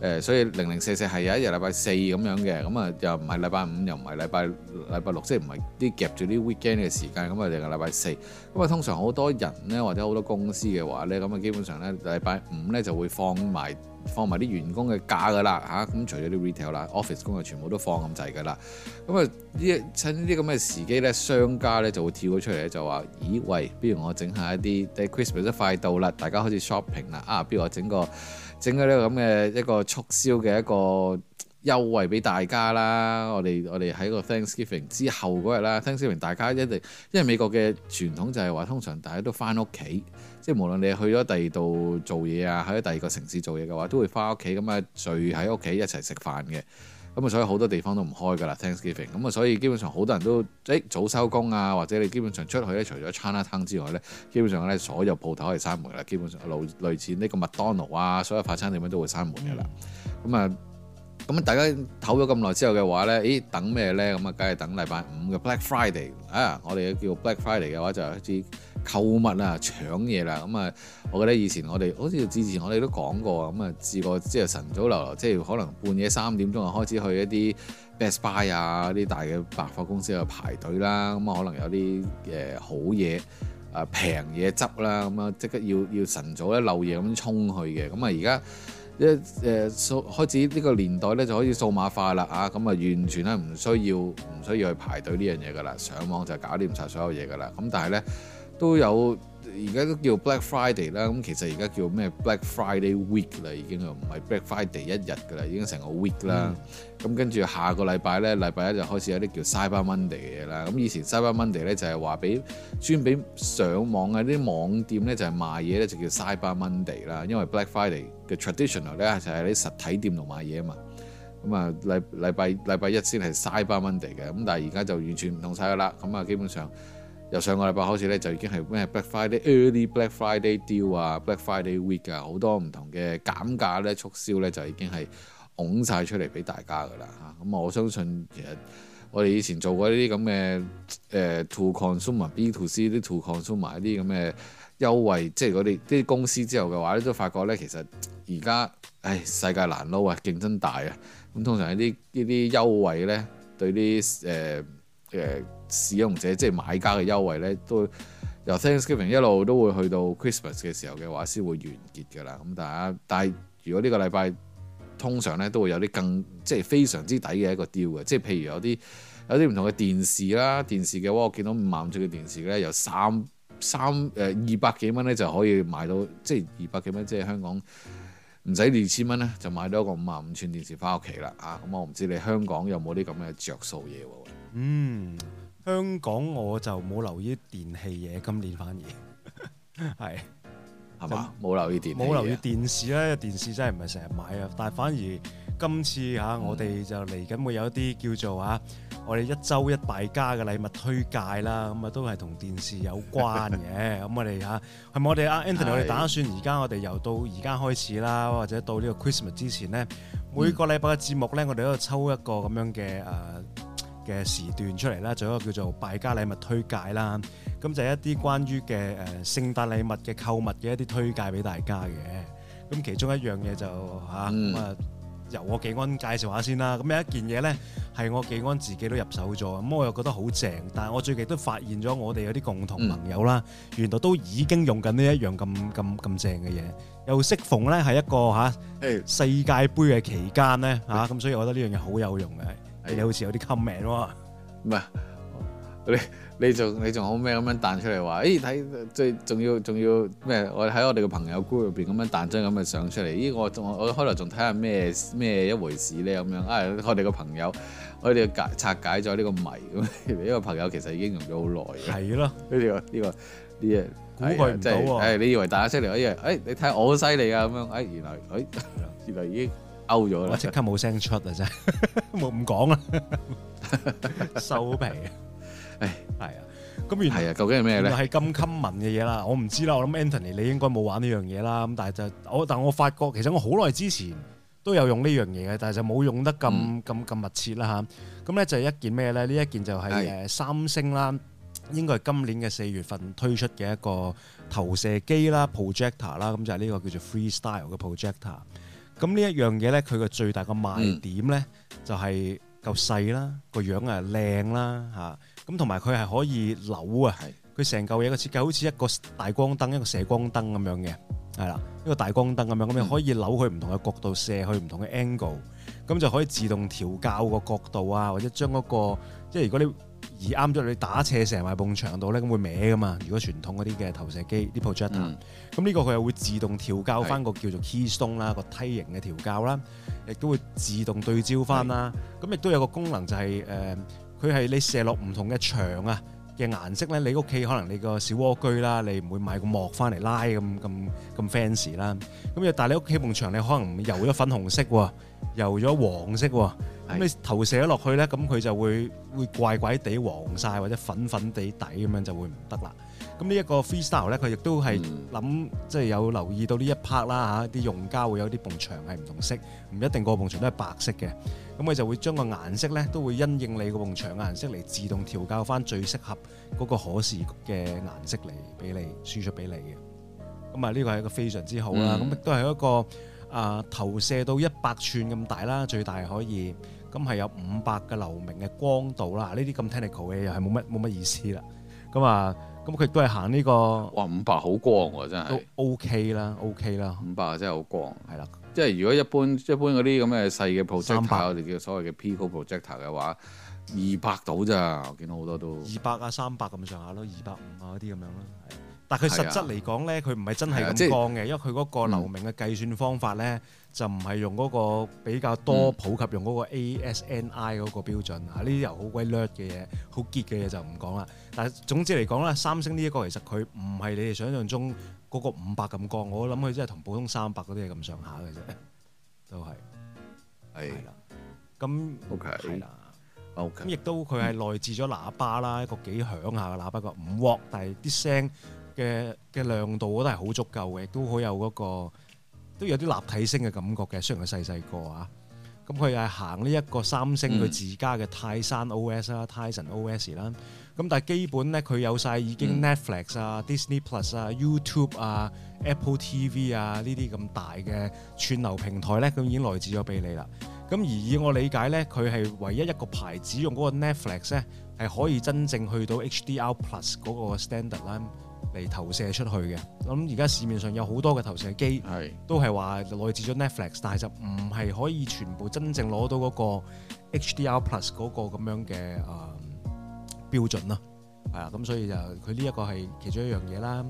Speaker 2: 誒，所以零零四四係有一日禮拜四咁樣嘅，咁啊又唔係禮拜五，又唔係禮拜禮拜六，即係唔係啲夾住啲 weekend 嘅時間，咁啊淨係禮拜四。咁啊通常好多人呢，或者好多公司嘅話呢，咁啊基本上呢，禮拜五呢就會放埋放埋啲員工嘅假噶啦吓，咁除咗啲 retail 啦，office 工啊全部都放咁滯噶啦。咁啊呢趁呢啲咁嘅時機呢，商家呢就會跳咗出嚟就話：咦喂，不如我整下一啲，day Christmas 都快到啦，大家開始 shopping 啦，啊，不如我整個。整咗呢個咁嘅一個促銷嘅一個優惠俾大家啦！我哋我哋喺個 Thanksgiving 之後嗰日啦，Thanksgiving 大家一定，因為美國嘅傳統就係話，通常大家都翻屋企，即係無論你去咗第二度做嘢啊，喺第二個城市做嘢嘅話，都會翻屋企咁啊，聚喺屋企一齊食飯嘅。咁啊，所以好多地方都唔開㗎啦。Thanksgiving，咁啊，所以基本上好多人都誒、欸、早收工啊，或者你基本上出去咧，除咗 China Town 之外咧，基本上咧所有鋪頭係閂門㗎啦。基本上類類似呢個麥當勞啊，所有快餐店樣都會閂門㗎啦。咁啊～咁大家唞咗咁耐之後嘅話咧，咦？等咩咧？咁啊，梗係等禮拜五嘅 Black Friday 啊！我哋叫 Black Friday 嘅話，就係一支購物啊、搶嘢啦、啊。咁、嗯、啊，我覺得以前我哋好似之前我哋都講過啊，咁、嗯、啊，試過即係、就是、晨早流流，即係可能半夜三點鐘就開始去一啲 Best Buy 啊、啲大嘅百貨公司去排隊啦、啊。咁、嗯、啊，可能有啲誒、呃、好嘢、呃、啊、平嘢執啦。咁啊，即刻要要晨早咧漏夜咁衝去嘅。咁、嗯、啊，而家。一誒數開始呢個年代咧，就可以數碼化啦啊！咁啊，完全咧唔需要唔需要去排隊呢樣嘢㗎啦。上網就搞掂晒所有嘢㗎啦。咁但係咧都有而家都叫 Black Friday 啦、啊。咁其實而家叫咩 Black Friday Week 啦，已經啊，唔係 Black Friday 一日㗎啦，已經成個 week 啦。咁、嗯、跟住下個禮拜咧，禮拜一就開始有啲叫 Cyber Monday 嘅嘢啦。咁以前 Cyber Monday 咧就係話俾專俾上網嘅啲網店咧就係賣嘢咧就叫 Cyber Monday 啦，因為 Black Friday，嘅 traditional 咧就係喺實體店度買嘢啊嘛，咁啊禮禮拜禮拜一先係 Cyber Monday 嘅。咁但係而家就完全唔同晒噶啦，咁啊基本上由上個禮拜開始咧就已經係咩 Black Friday early Black Friday deal 啊，Black Friday week 啊，好多唔同嘅減價咧促銷咧就已經係拱晒出嚟俾大家噶啦嚇，咁我相信其實我哋以前做過啲咁嘅誒 to consume B to C 啲 to consume 一啲咁嘅。優惠即係嗰啲啲公司之後嘅話咧，都發覺咧其實而家誒世界難撈啊，競爭大啊。咁通常呢啲呢啲優惠咧，對啲誒誒使用者即係買家嘅優惠咧，都由 Thanksgiving 一路都會去到 Christmas 嘅時候嘅話，先會完結㗎啦。咁大家但係如果呢個禮拜通常咧都會有啲更即係非常之抵嘅一個 deal 嘅，即係譬如有啲有啲唔同嘅電視啦，電視嘅話我見到五萬寸嘅電視咧，有三三誒二百幾蚊咧就可以買到，即係二百幾蚊，即係香港唔使二千蚊咧就買到一個五十五寸電視返屋企啦！啊，咁我唔知你香港有冇啲咁嘅着數嘢喎？嗯，香港我就冇留
Speaker 1: 意電器嘢，今年反而
Speaker 2: 係。係嘛？冇留意電冇留意電
Speaker 1: 視啦、啊，電視，啊、電視真係唔係成日買啊！但係反而今次嚇、啊嗯、我哋就嚟緊會有一啲叫做嚇、啊、我哋一週一敗家嘅禮物推介啦，咁、嗯、啊都係同電視有關嘅。咁、 嗯、我哋嚇係咪我哋啊 Anthony？ 我哋打算而家我哋由到而家開始啦，或者到呢個 Christmas 之前咧，每個禮拜嘅節目咧，嗯、我哋都抽一個咁樣嘅誒、啊，嘅時段出嚟啦，仲有一個叫做敗家禮物推介啦，咁就係一啲關於嘅誒聖誕禮物嘅購物嘅一啲推介俾大家嘅。咁其中一樣嘢就嚇咁啊，由我紀安介紹下先啦。咁有一件嘢咧，係我紀安自己都入手咗，咁我又覺得好正。但係我最近都發現咗，我哋有啲共同朋友啦，原來都已經用緊呢一樣咁咁咁正嘅嘢，又適逢咧係一個嚇世界盃嘅期間咧嚇，咁所以我覺得呢樣嘢好有用嘅。你又好似有啲 comment 喎，唔
Speaker 2: 係、嗯，你你仲你仲好咩咁樣，哎、樣彈出嚟話，誒睇最仲要仲要咩？我喺我哋個朋友羣入邊咁樣彈張咁嘅相出嚟，咦我我我開頭仲睇下咩咩一回事咧咁樣，哎我哋個朋友，我哋解拆解咗呢個謎，咁呢一個朋友其實已經用咗好耐嘅。係咯的，呢、這個呢、這個呢嘢、這個、估佢唔到喎、哎哎。你以為大家出嚟可以，誒、哎、你睇我好犀利啊咁樣，誒、哎、原來誒、哎、原，原來已經。 out 咗啦！我即
Speaker 1: 刻冇聲出啊，真係冇唔講啦，
Speaker 2: 收皮。哎，係啊，咁原來係啊，究竟係咩咧？係
Speaker 1: 咁 common 嘅嘢啦，我唔知啦。我諗 Anthony，你應該冇玩呢樣嘢啦。咁但係就我，但我發覺其實我好耐之前都有用呢樣嘢嘅，但係就冇用得咁咁咁密切啦吓。咁咧就係一件咩咧？呢一件就係誒三星啦，應該係今年嘅四月份推出嘅一個投射機啦，projector 啦，咁就係呢個叫做 FreeStyle 嘅 projector。咁呢一樣嘢咧，佢嘅最大個賣點咧，嗯、就係夠細啦，個樣啊靚啦嚇，咁同埋佢係可以扭啊，佢成嚿嘢嘅設計好似一個大光燈、一個射光燈咁樣嘅，係啦，一個大光燈咁樣咁樣可以扭去唔同嘅角度射去唔同嘅 angle，咁就可以自動調校個角度啊，或者將嗰、嗰個即係如果你。而啱咗你打斜成埋埲牆度咧，咁會歪㗎嘛？如果傳統嗰啲嘅投射機，啲 projector 咁呢個佢又會自動調校翻個叫做 keystone 啦是，個梯形嘅調校啦，亦都會自動對焦翻啦。咁亦都有個功能就係、是、誒，佢、呃、係你射落唔同嘅牆啊。嘅顏色咧，你屋企可能你個小窩居啦，你唔會買個幕翻嚟拉咁咁咁 fancy 啦。咁又但係你屋企埲牆，你可能油咗粉紅色喎，油咗黃色喎，咁的、嗯、你投射咗落去咧，咁佢就會會怪怪地黃晒，或者粉粉地底咁樣就會唔得啦。咁呢一個 FreeStyle 咧，佢亦都係諗，即係有留意到呢一 part 啦嚇，啲用家會有啲埲牆係唔同色，唔一定個埲牆都係白色嘅。咁佢就會將個顏色咧，都會因應你個埲牆嘅顏色嚟自動調校翻最適合嗰個可視嘅顏色嚟俾你輸出俾你嘅。咁啊，呢個係一個非常之好啦。咁亦都係一個啊、呃、投射到一百吋咁大啦，最大係可以。咁係有五百嘅流明嘅光度啦。呢啲咁 technical 嘅又係冇乜冇乜意思啦。咁啊～咁佢都係行呢、這個哇五百好
Speaker 2: 光喎，啊，真係都
Speaker 1: OK 啦，OK 啦，五百
Speaker 2: 真係好光，係啦的。即係如果一般一般嗰啲咁嘅細嘅 projector，三百，我哋叫所謂嘅 pico projector 嘅話，二百到咋，我見到好多都二百啊，三百咁上下咯，二
Speaker 1: 百五啊嗰啲咁樣咯。但係佢實質嚟講咧，佢唔係真係咁光嘅，的因為佢嗰個流明嘅計算方法咧，嗯、就唔係用嗰個比較多普及用嗰個 ASNI 嗰個標準、嗯、啊。呢啲又好鬼叻嘅嘢，好結嘅嘢就唔講啦。但係總之嚟講咧，三星呢一個其實佢唔係你哋想象中嗰個五百咁光，我諗佢真係同普通三百嗰啲係咁上下嘅啫，都係係啦。咁是 OK 係啦了，OK。咁亦都佢係內置咗喇叭啦，一個幾響下嘅喇叭，個五 W，但係啲聲嘅嘅亮度都係好足夠嘅、嗰個，都好有嗰個都有啲立體聲嘅感覺嘅。雖然佢細細個啊，咁佢又係行呢一個三星佢自家嘅泰山 OS 啦、嗯、Tizen OS 啦。咁但係基本咧，佢有晒已經 Netflix、嗯、啊、Disney Plus 啊、YouTube 啊、Apple TV 啊呢啲咁大嘅串流平台咧，咁已經內置咗俾你啦。咁而以我理解咧，佢係唯一一個牌子用嗰個 Netflix 咧，係可以真正去到 HDR Plus 嗰個 standard 咧嚟投射出去嘅。咁而家市面上有好多嘅投射機，的都係話內置咗 Netflix，但係就唔係可以全部真正攞到嗰個 HDR Plus 嗰個咁樣嘅啊。呃標準咯，係啊，咁所以就佢呢一個係其中一樣嘢啦。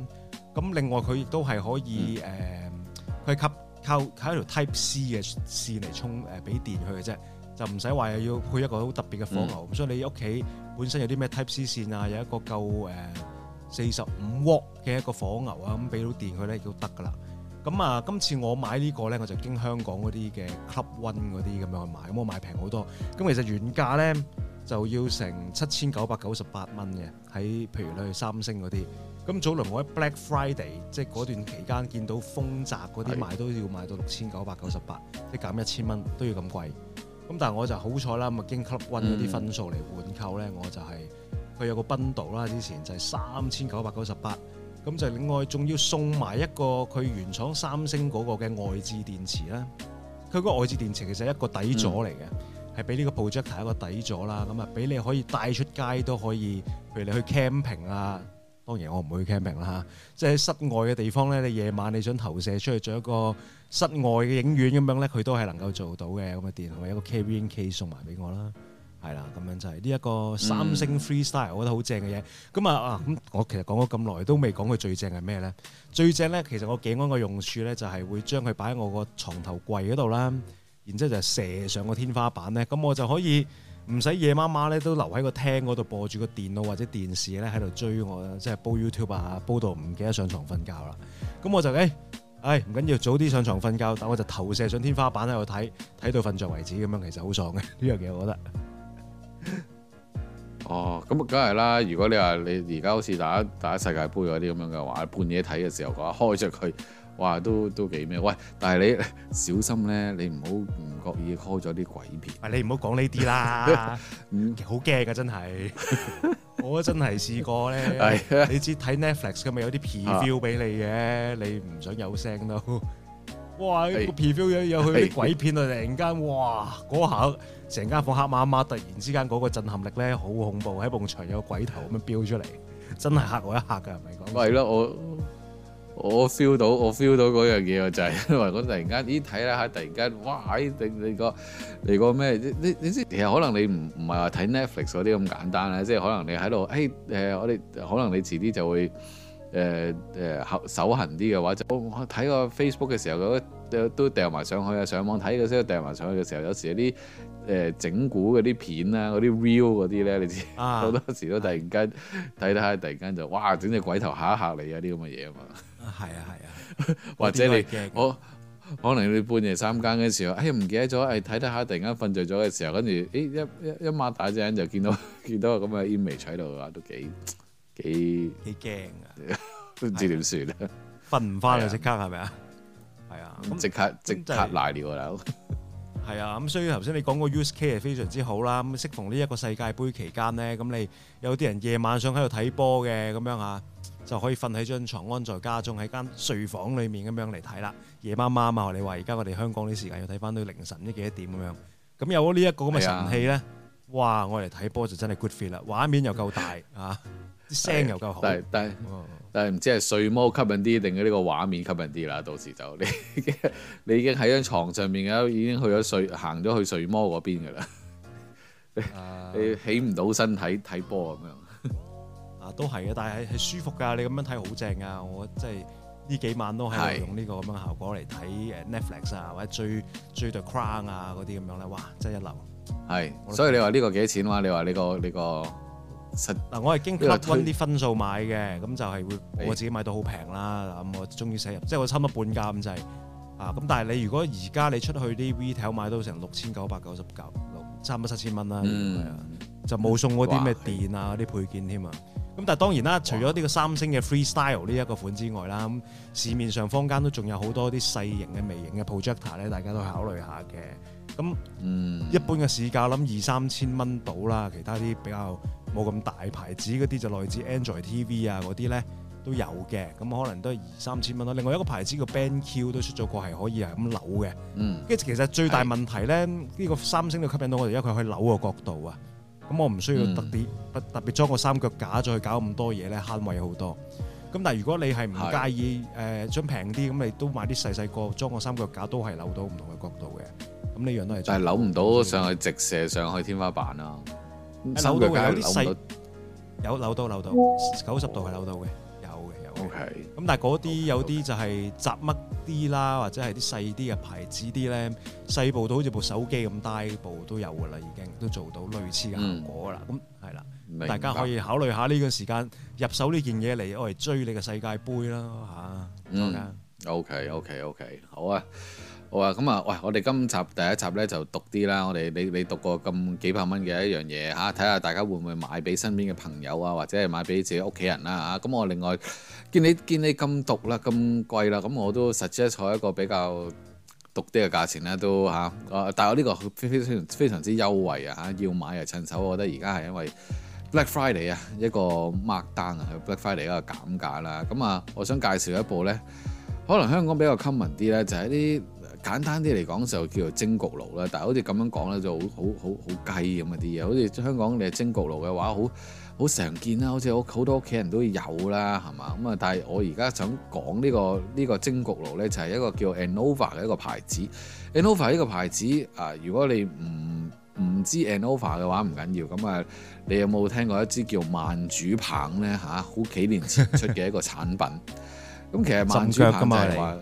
Speaker 1: 咁另外佢亦都係可以誒，佢係靠靠一條 Type C 嘅線嚟充誒俾電佢嘅啫，就唔使話又要配一個好特別嘅火牛。咁所以你屋企本身有啲咩 Type C 線啊，有一個夠誒四十五 W 嘅一個火牛啊，咁俾到電佢咧都得㗎啦。咁啊，今次我買呢個咧，我就經香港嗰啲嘅 Club One 嗰啲咁樣去買，咁我買平好多。咁其實原價咧，就要成七千九百九十八蚊嘅，喺譬如你去三星嗰啲。咁早輪我喺 Black Friday，即係嗰段期間見到豐澤嗰啲賣都要賣到六千九百九十八，即係減一千蚊都要咁貴。咁但係我就好彩啦，咁啊經 Club One 嗰啲分數嚟換購咧，嗯、我就係、是、佢有個 bundle 啦，之前就係三千九百九十八，咁就另外仲要送埋一個佢原廠三星嗰個嘅外置電池啦。佢個外置電池其實係一個底座嚟嘅。嗯係俾呢個 projector 一個底座啦，咁啊俾你可以帶出街都可以，譬如你去 camping 啊，當然我唔會去 camping 啦，即係喺室外嘅地方咧，你夜晚你想投射出去做一個室外嘅影院咁樣咧，佢都係能夠做到嘅咁嘅電，係一個 KVN case 送埋俾我啦，係啦，咁樣就係呢一個三星 FreeStyle，我覺得好正嘅嘢。咁啊啊，咁我其實講咗咁耐都未講佢最正係咩咧？最正咧，其實我鏡安嘅用處咧，就係會將佢擺喺我個床頭櫃嗰度啦。然之後就射上個天花板咧，咁我就可以唔使夜媽媽咧都留喺個廳嗰度播住個電腦或者電視咧喺度追我啦，即係煲 YouTube 啊，煲到唔記得上床瞓覺啦。咁我就誒，唉、哎，唔、哎、緊要，早啲上床瞓覺，等我就投射上天花板喺度睇，睇到瞓着為止咁樣，其實好爽嘅呢樣嘢，我覺得。
Speaker 2: 哦，咁啊，梗係啦。如果你話你而家好似打打世界杯嗰啲咁樣嘅話，半夜睇嘅時候，嘅話，我開着佢。哇，都都幾咩？喂，但係你小心咧，你唔好唔覺意開咗啲鬼片。喂，你唔好講呢啲啦，
Speaker 1: 好驚㗎真係，我真係試過咧。你知睇 Netflix 咁咪有啲 preview 俾你嘅，你唔想有聲都，哇 preview 有有佢啲鬼片啊，突然間哇，嗰下成間房黑麻麻，突然之間嗰個震撼力咧好恐怖，喺埲牆有鬼頭咁樣飆出嚟，真係嚇我一嚇㗎，係咪
Speaker 2: 講？係咯，我。我 feel 到，我 feel 到嗰樣嘢就係、是，因為我突然間咦睇啦下，突然間哇，定你個你個咩？你呢呢啲其實可能你唔唔係話睇 Netflix 嗰啲咁簡單啦，即係可能你喺度誒誒，我、哎、哋、呃、可能你遲啲就會誒誒手痕啲嘅話，就我睇個 Facebook 嘅時候，都掉埋上去啊，上網睇嗰啲都掉埋上去嘅時候，有時有啲誒、呃、整蠱嗰啲片啊，嗰啲 real 嗰啲咧，你知好、啊、多時都突然間睇睇下突然間就哇整隻鬼頭嚇一嚇你啊啲咁嘅嘢啊嘛～係啊，係啊，啊或者你我，我可能你半夜三更嘅時候，哎唔記得咗，哎睇睇下突然間瞓着咗嘅時候，跟住誒一一一擘大隻眼就見到見到咁嘅煙味喺度嘅話，都幾幾幾驚啊！都唔知點算啊，瞓唔翻啊！即刻係咪啊？
Speaker 1: 係啊，即刻即刻賴尿啊！係啊，咁所以頭先你講個 use care 係非常之好啦。咁適逢呢一個世界杯期間咧，咁你有啲人夜晚上想喺度睇波嘅咁樣啊。就可以瞓喺張床，安在家中喺間睡房裏面咁樣嚟睇啦。夜媽媽啊，你話而家我哋香港啲時間要睇翻到凌晨呢幾多點咁樣？咁有咗呢一個咁嘅神器咧，是啊、哇！我嚟睇波就真係 good feel 啦。畫面又夠大 啊，啲聲又夠好。但係
Speaker 2: 但係唔、哦、知係睡魔吸引啲定係呢個畫面吸引啲啦。到時就你你已經喺張床上面，已經去咗睡行咗去，睡，去睡魔嗰邊噶啦、嗯。 你起唔到身睇睇波咁樣。都係嘅，但係係
Speaker 1: 舒服㗎。你咁樣睇好正啊！我即係呢幾晚都係用呢個咁樣效果嚟睇誒 Netflix 啊，的或者追追 The Crown 啊嗰啲咁樣咧，哇！真係一流。
Speaker 2: 係的，都所以你話呢個幾錢哇、啊？你話呢、這個呢、這個實嗱、啊、我係經 cut run 啲分數買
Speaker 1: 嘅，咁就係會我自己買到好平啦。咁的我終於寫入，即係我差唔多半價咁滯、就是、啊。咁但係你如果而家你出去啲 retail 買到成六千九百九十九，六差唔多七千蚊啦，嗯、就冇送嗰啲咩電啊啲配件添啊。咁但係當然啦，除咗呢個三星嘅 FreeStyle 呢一個款之外啦，咁市面上坊間都仲有好多啲細型嘅微型嘅 projector 咧，大家都考慮下嘅。咁、嗯、一般嘅市價諗二三千蚊到啦，其他啲比較冇咁大牌子嗰啲就來自 Android TV 啊嗰啲咧都有嘅。咁可能都係二三千蚊咯。另外一個牌子叫 BenQ 都出咗個係可以係咁扭嘅。嗯，跟住其實最大問題咧，呢是個三星都吸引到我哋，因為佢可以扭個角度啊。咁我唔需要特別、嗯、特別裝個三腳架再去搞咁多嘢咧，慳位好多。咁但係如果你係唔介意誒將平啲，咁是、呃、你都買啲細細個裝個三腳架都係扭到唔同嘅角度嘅。咁呢樣都係。但係扭唔到
Speaker 2: 上去直射上去天花板啦。扭到有啲細，有扭到扭到九十度係
Speaker 1: 扭到嘅。OK，咁但係嗰啲有啲就係雜乜啲啦，或者係啲細啲嘅牌子啲咧，細部到好似部手機咁大部都有㗎啦，已經都做到類似嘅效果㗎啦。咁係
Speaker 2: 啦，大家可以
Speaker 1: 考慮下呢個時間入手呢件嘢嚟，我嚟追你嘅世界盃啦嚇。嗯
Speaker 2: ，OK OK OK，好啊。好啊，咁啊、嗯，喂！我哋今集第一集咧就毒啲啦，我哋你你毒過咁幾百蚊嘅一樣嘢嚇，睇、啊、下大家會唔會買俾身邊嘅朋友啊，或者係買俾自己屋企人啦、啊、嚇。咁、啊嗯、我另外見你見你咁毒啦，咁貴啦，咁、嗯、我都實質在一個比較毒啲嘅價錢咧，都嚇誒、啊，但係我呢個非非常非常之優惠啊嚇，要買又趁手。我覺得而家係因為 Black Friday 啊，一個 mark down 啊，個 Black Friday 一個減價啦。咁、嗯、啊，我想介紹一部咧，可能香港比較 common 啲咧，就係一啲。簡單啲嚟講就叫做蒸焗爐啦，但係好似咁樣講咧就好好好好雞咁嘅啲嘢，好似香港你係蒸焗爐嘅話好好常見啦，好似屋好多屋企人都有啦，係嘛？咁啊，但係我而家想講呢、呢個呢、呢個蒸焗爐咧，就係一個叫 Anova 嘅一個牌子。Anova、嗯、呢個牌子啊，如果你唔唔知 Anova 嘅話唔緊要，咁啊，你有冇聽過一支叫慢煮棒咧嚇？好、啊、幾年前出嘅一個產品，咁 其實慢煮棒就係、係、話。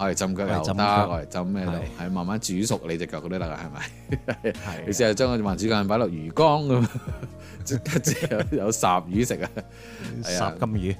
Speaker 2: 我哋浸腳又得，風我哋浸咩都係慢慢煮熟你隻腳嗰啲啦，係咪？是啊、 你試下將嗰隻慢煮棒擺落魚缸咁，即 刻有有鰩魚食啊，鰩金魚。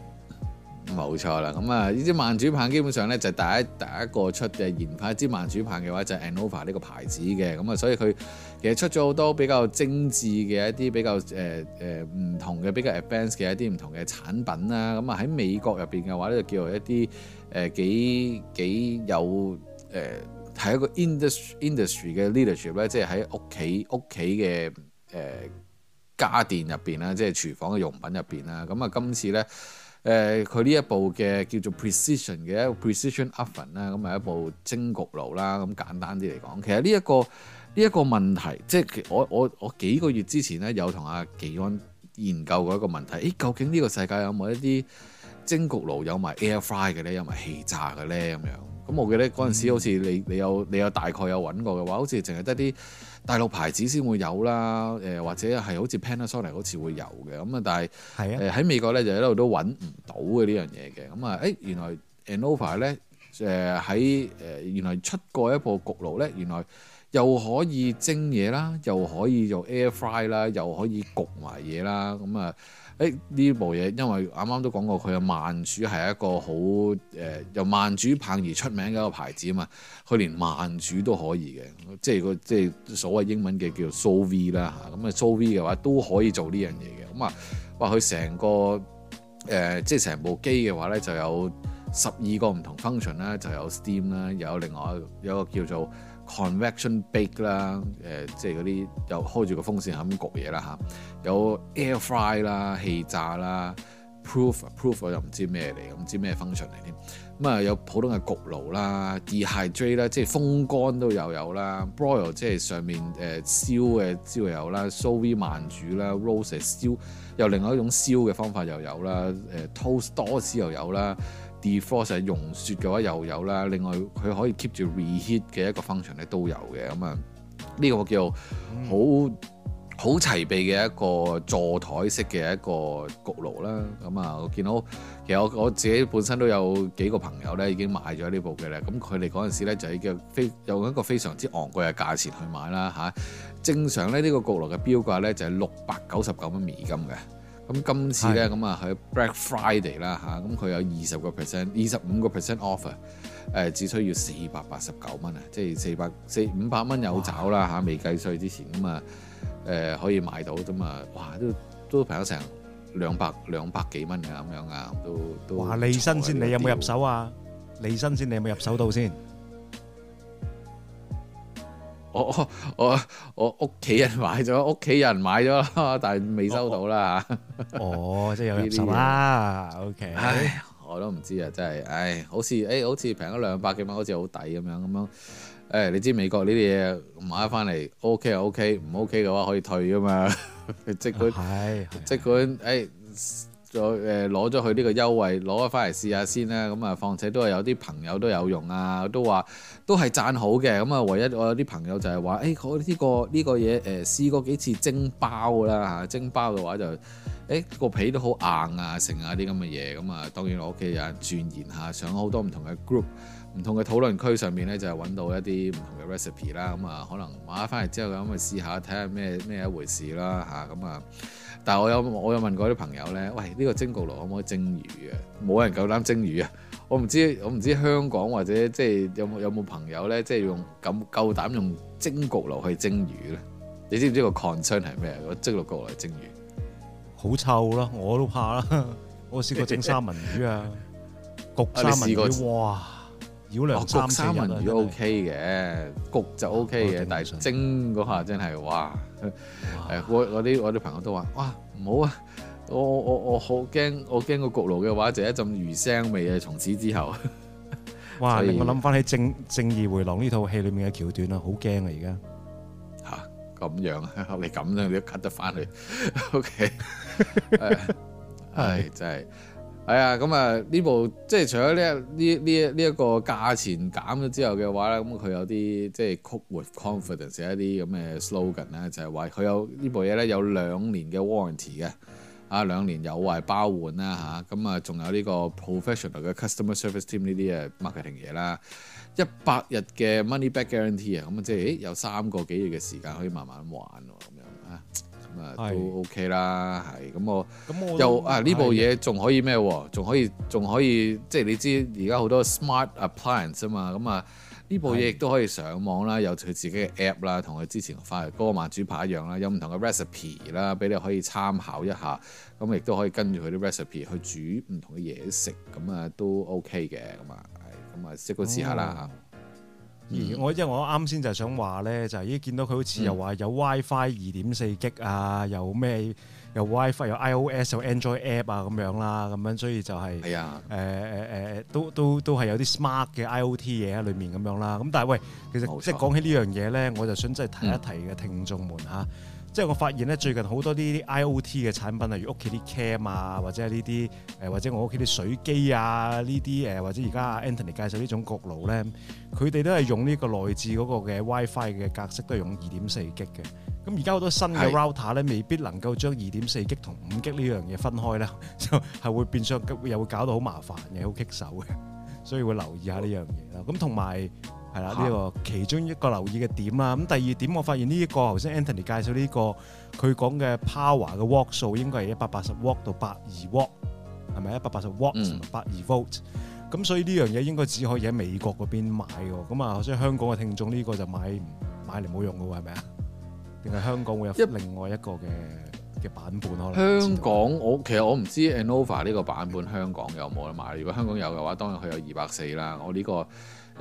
Speaker 2: 冇、哎、呀魚錯啦，咁啊呢支慢煮棒基本上咧就第一 第一個出嘅研發一支慢煮棒嘅話就 Anova 呢個牌子嘅，咁啊所以佢其實出咗好多比較精緻嘅一啲比較誒誒唔同嘅比較，較 advance 嘅一啲唔同嘅產品啦，咁啊喺美國入邊嘅話咧就叫做一啲。誒、呃、幾幾有誒係、呃、一個 industry, industry industry 嘅 leadership 咧、呃，即係喺屋企屋企嘅誒家電入邊啦，即係廚房嘅用品入邊啦。咁、嗯、啊，今次咧誒佢呢、呃、一部嘅叫做 precision 嘅 precision oven 啦、嗯，咁啊一部蒸焗爐啦，咁、嗯、簡單啲嚟講，其實呢、這、一個呢一、一個問題，即係我我我幾個月之前咧有同阿紀安研究過一個問題，誒究竟呢個世界有冇一啲？蒸焗爐有埋 air fry 嘅咧，有埋氣炸嘅咧，咁樣。咁我記得嗰陣時好似你你有、嗯、你，有你有大概有揾過嘅話，好似淨係得啲大陸牌子先會有啦。誒或者係好似 Panasonic 好似會有嘅。咁啊，但係誒喺美國咧就一路都揾唔到嘅呢樣嘢嘅。咁、欸、啊，誒原來 Anova 咧誒喺、呃、誒原來出過一部焗爐咧，原來又可以蒸嘢啦，又可以做 air fry 啦，又可以焗埋嘢啦。咁啊～、嗯誒呢、欸、部嘢，因為啱啱都講過，佢嘅慢煮係一個好誒、呃，由慢煮棒而出名嘅一個牌子啊嘛。佢連慢煮都可以嘅，即係個即係所謂英文嘅叫做 SoV 啦、啊、嚇。咁啊 SoV 嘅話都可以做呢樣嘢嘅。咁啊話佢成個誒、呃，即係成部機嘅話咧，就有十二個唔同 function 啦，就有 Steam 啦，有另外又有一個叫做 convection bake 啦，誒即係嗰啲又開住個風扇咁焗嘢啦嚇，有 air fry 啦，氣炸啦，proof proof 我又唔知咩嚟，唔知咩 function 嚟添，咁啊有普通嘅焗爐啦，dehydrate 啦，即係風乾都有有啦，broil 即係上面誒燒嘅焦有啦，sous vide 慢煮啦，roast 燒又另外一種燒嘅方法又有啦，誒 toast toast 又有啦。defrost 融雪嘅話又有啦，另外佢可以 keep 住 reheat 嘅一個 function 咧都有嘅，咁啊呢個叫好好齊備嘅一個座台式嘅一個焗爐啦，咁、嗯、啊我見到其實我我自己本身都有幾個朋友咧已經買咗、嗯、呢部嘅咧，咁佢哋嗰陣時咧就係叫非用一個非常之昂貴嘅價錢去買啦嚇、啊，正常咧呢、這個焗爐嘅標價咧就係六百九十九蚊美金嘅。咁今次咧咁啊喺 Black Friday 啦吓，咁佢有二十個 percent、二十五個 percent offer，誒只需要四百八十九蚊啊，即係四百四五百蚊有找啦吓，哇未計稅之前咁啊誒可以買到啫嘛，哇都都平咗成兩百兩百幾蚊㗎咁樣啊，都都, 200, 200都。話利哇了申先，你有冇入
Speaker 1: 手啊？利申先，你有冇入手到先？
Speaker 2: 我我我屋企人買咗，屋企人買咗，但係未收到啦哦，哦，即係有呢啲嘢。O K。 Okay. 唉，我都唔知啊，真係，唉，好似，唉，好似平咗兩百幾蚊，好似好抵咁樣咁樣。唉，你知美國呢啲嘢買翻嚟 O K 就 O K，唔 O K 嘅話可以退噶嘛。 即管，即管，唉。再誒攞咗佢呢個優惠，攞咗翻嚟試下先啦。咁、嗯、啊，況且都係有啲朋友都有用啊，都話都係讚好嘅。咁、嗯、啊，唯一我有啲朋友就係話：誒、欸，呢、這個呢、這個嘢誒、呃、試過幾次蒸包啦嚇、啊，蒸包嘅話就誒個、欸、皮都好硬啊，剩下啲咁嘅嘢。咁、嗯、啊，當然我屋企人鑽研下，上好多唔同嘅 group、唔同嘅討論區上面咧，就揾、是、到一啲唔同嘅 recipe 啦。咁、嗯、啊，可能買翻嚟之後咁去試下，睇下咩咩一回事啦嚇。咁啊。嗯嗯但係我有，我有問過啲朋友咧，喂，呢、呢個蒸焗爐可唔可以蒸魚嘅、啊？冇人夠膽蒸魚啊！我唔知，我唔知香港或者即係有冇有冇朋友咧，即係用咁夠膽用蒸焗爐去蒸魚咧？你知唔知個 concern 係咩？我蒸落焗爐蒸魚，
Speaker 1: 好臭咯！我都怕啦， 我試過蒸三文魚啊， 焗三文魚、啊、試過哇，繞兩三、哦、焗三文魚
Speaker 2: OK 嘅，啊、是焗就 OK 嘅，嗯嗯、但係蒸嗰下真係哇！誒哇，我我啲我啲朋友都話，哇，唔好啊！我我我好驚，我驚個焗爐嘅話就有一陣魚腥味啊！從此之後，
Speaker 1: 哇，令以我諗翻起正《正正義回廊》呢套戲裏面嘅橋段啊，好驚啊！而家
Speaker 2: 吓咁樣、啊，你咁樣、啊、你都跟得翻去，OK，係真係。係啊，咁啊呢部即係除咗呢一呢呢一呢一個價、這個這個這個這個、錢減咗之後嘅話咧，咁佢有啲即係 cook with confidence 一啲咁嘅 slogan 咧，就係話佢有呢部嘢咧有兩年嘅 warranty 嘅，啊兩年有壞包換啦嚇，咁啊仲有呢個 professional 嘅 customer service team 呢啲啊 marketing 嘢啦，一百日嘅 money back guarantee 啊，咁即係誒有三個幾月嘅時間可以慢慢還都 OK 啦，係咁是我，我又的啊呢部嘢仲可以咩？仲可以仲可以即係你知而家好多 smart appliance 啫嘛，咁啊呢部嘢亦都可以上網啦的，有佢自己嘅 app 啦，同佢之前發嗰個慢煮牌一樣啦，有唔同嘅 recipe 啦，俾你可以參考一下，咁亦都可以跟住佢啲 recipe 去煮唔同嘅嘢食，咁啊都 OK 嘅，咁啊咁啊即都試下啦嚇。哦
Speaker 1: 我、嗯、因為我啱先就係想話咧，就咦、是、見到佢好似又話有 WiFi 二點四 G 啊，嗯、有咩有 WiFi 有 iOS 有 Android app 啊咁樣啦，咁樣所以就係、是、係、嗯呃呃、啊，誒誒誒，都都都係有啲 smart 嘅 IOT 嘢喺裡面咁樣啦。咁但係喂，其實錯即係講起呢樣嘢咧，我就想即係提一提嘅聽眾們嚇。嗯即係我發現咧，最近好多啲 IOT 嘅產品，例如屋企啲 cam 啊，或者呢啲誒，或者我屋企啲水機啊，呢啲誒，或者而家 Anthony 介紹呢種焗爐咧，佢哋都係用呢個內置嗰個嘅 WiFi 嘅格式，都係用二點四 G 嘅。咁而家好多新嘅 router 咧，未必能夠將二點四 G 同五 G 呢樣嘢分開咧，就係會變相又會搞到好麻煩嘅，好棘手嘅。所以會留意下呢樣嘢啦。咁同埋。呢個、嗯、其中一個留意嘅點啊。咁第二點，我發現呢、這、一個頭先 Anthony 介紹呢、這個佢講嘅 Power 嘅 Watt 數應該係一百八十 Watt 到百二 Watt，係咪一百八十 Watt 乘到百二 Volt？咁所以呢樣嘢應該只可以喺美國嗰邊買喎。咁啊，所以香港嘅聽眾呢個就買買嚟冇用嘅喎，係咪啊？定係香港會有另外一個嘅嘅一版
Speaker 2: 本，可能香港？香港我其實我唔知 Anova 呢個版本香港有冇得買。如果香港有嘅話，當然佢有二百四啦。我呢、這個。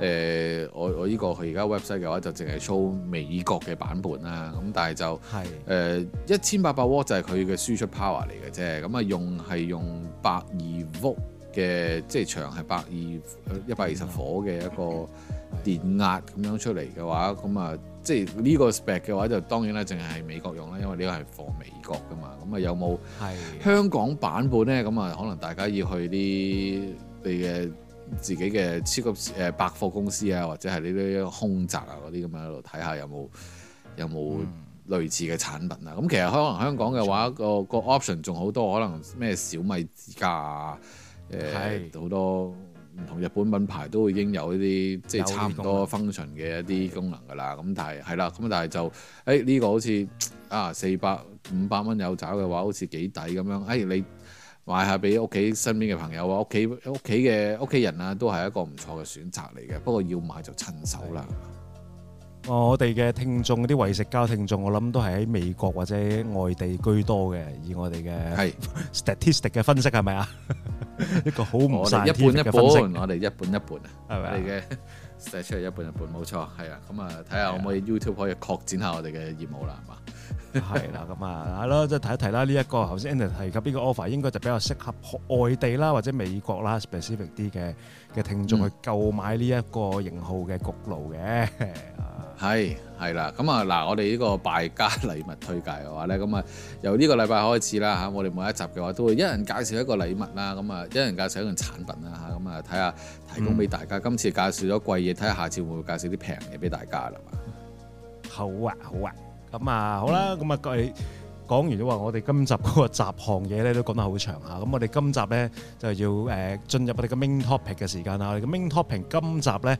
Speaker 2: 誒、呃，我我、這、依個佢而家 website 嘅話就淨係 show 美國嘅版本啦，咁但係就係誒一千八百 v 就係佢嘅輸出 power 嚟嘅啫，咁啊用係用百二 v 嘅，即、就、係、是、長係百二一百二十伏嘅一個電壓咁樣出嚟嘅話，咁啊即係呢個 spec 嘅話就當然咧，淨係美國用啦，因為呢個係 for 美國㗎嘛，咁啊有冇香港版本咧？咁啊可能大家要去啲地嘅。你自己嘅超級誒百貨公司啊，或者係呢啲空宅啊嗰啲咁樣喺度睇下有冇有冇類似嘅產品啊？咁、嗯、其實可能香港嘅話，個、嗯、個 option 仲好多，可能咩小米之家啊，誒、呃、好是多唔同日本品牌都會已經有，有一啲即係差唔多 function 嘅一啲功能㗎啦。咁的但係係啦，咁但係就誒呢、欸這個好似啊四百五百蚊有找嘅話，好似幾抵咁樣。誒、欸、你，買下俾屋企身邊嘅朋友啊，屋企屋企嘅屋企人啊，都係一個唔錯嘅選擇嚟嘅。不過要買就親手啦、哦。
Speaker 1: 我哋嘅聽眾啲為食膠聽眾，我諗都係喺美國或者外地居多嘅，以我哋嘅係的 statistic 嘅分析係咪啊？ 一個好唔善天我哋一,一,一半一半，我
Speaker 2: 哋一半一半，係咪啊？ 寫出嚟一半一半冇錯，係啊，咁、嗯、啊睇下可唔可以 YouTube 可以擴展下我哋嘅業務啦，係嘛的？係啦
Speaker 1: 咁、就、啊、係呢個，係咯，即係睇一睇啦。呢一個頭先 Anita 提及邊個 offer，應該就比較適合外地啦，或者美國啦，specific 啲嘅，嘅聽眾去購買呢一個型號嘅焗
Speaker 2: 爐嘅、嗯，係係啦，咁啊嗱，我哋呢個敗家禮物推介嘅話咧，咁啊由呢個禮拜開始啦嚇，我哋每一集嘅話都會一人介紹一個禮物啦，咁啊一人介紹一樣產品啦嚇，咁啊睇下提供俾大家。嗯、今次介紹咗貴嘢，睇下下次會唔會介紹啲平嘢俾大家啦、嘛。好
Speaker 1: 啊好啊，咁啊好啦，咁啊貴。講完咗話，我哋今集嗰個雜項嘢咧都講得好長嚇，咁我哋今集咧就要誒、呃、進入我哋嘅 main topic 嘅時間、呃、啦。我哋嘅 main topic 今集咧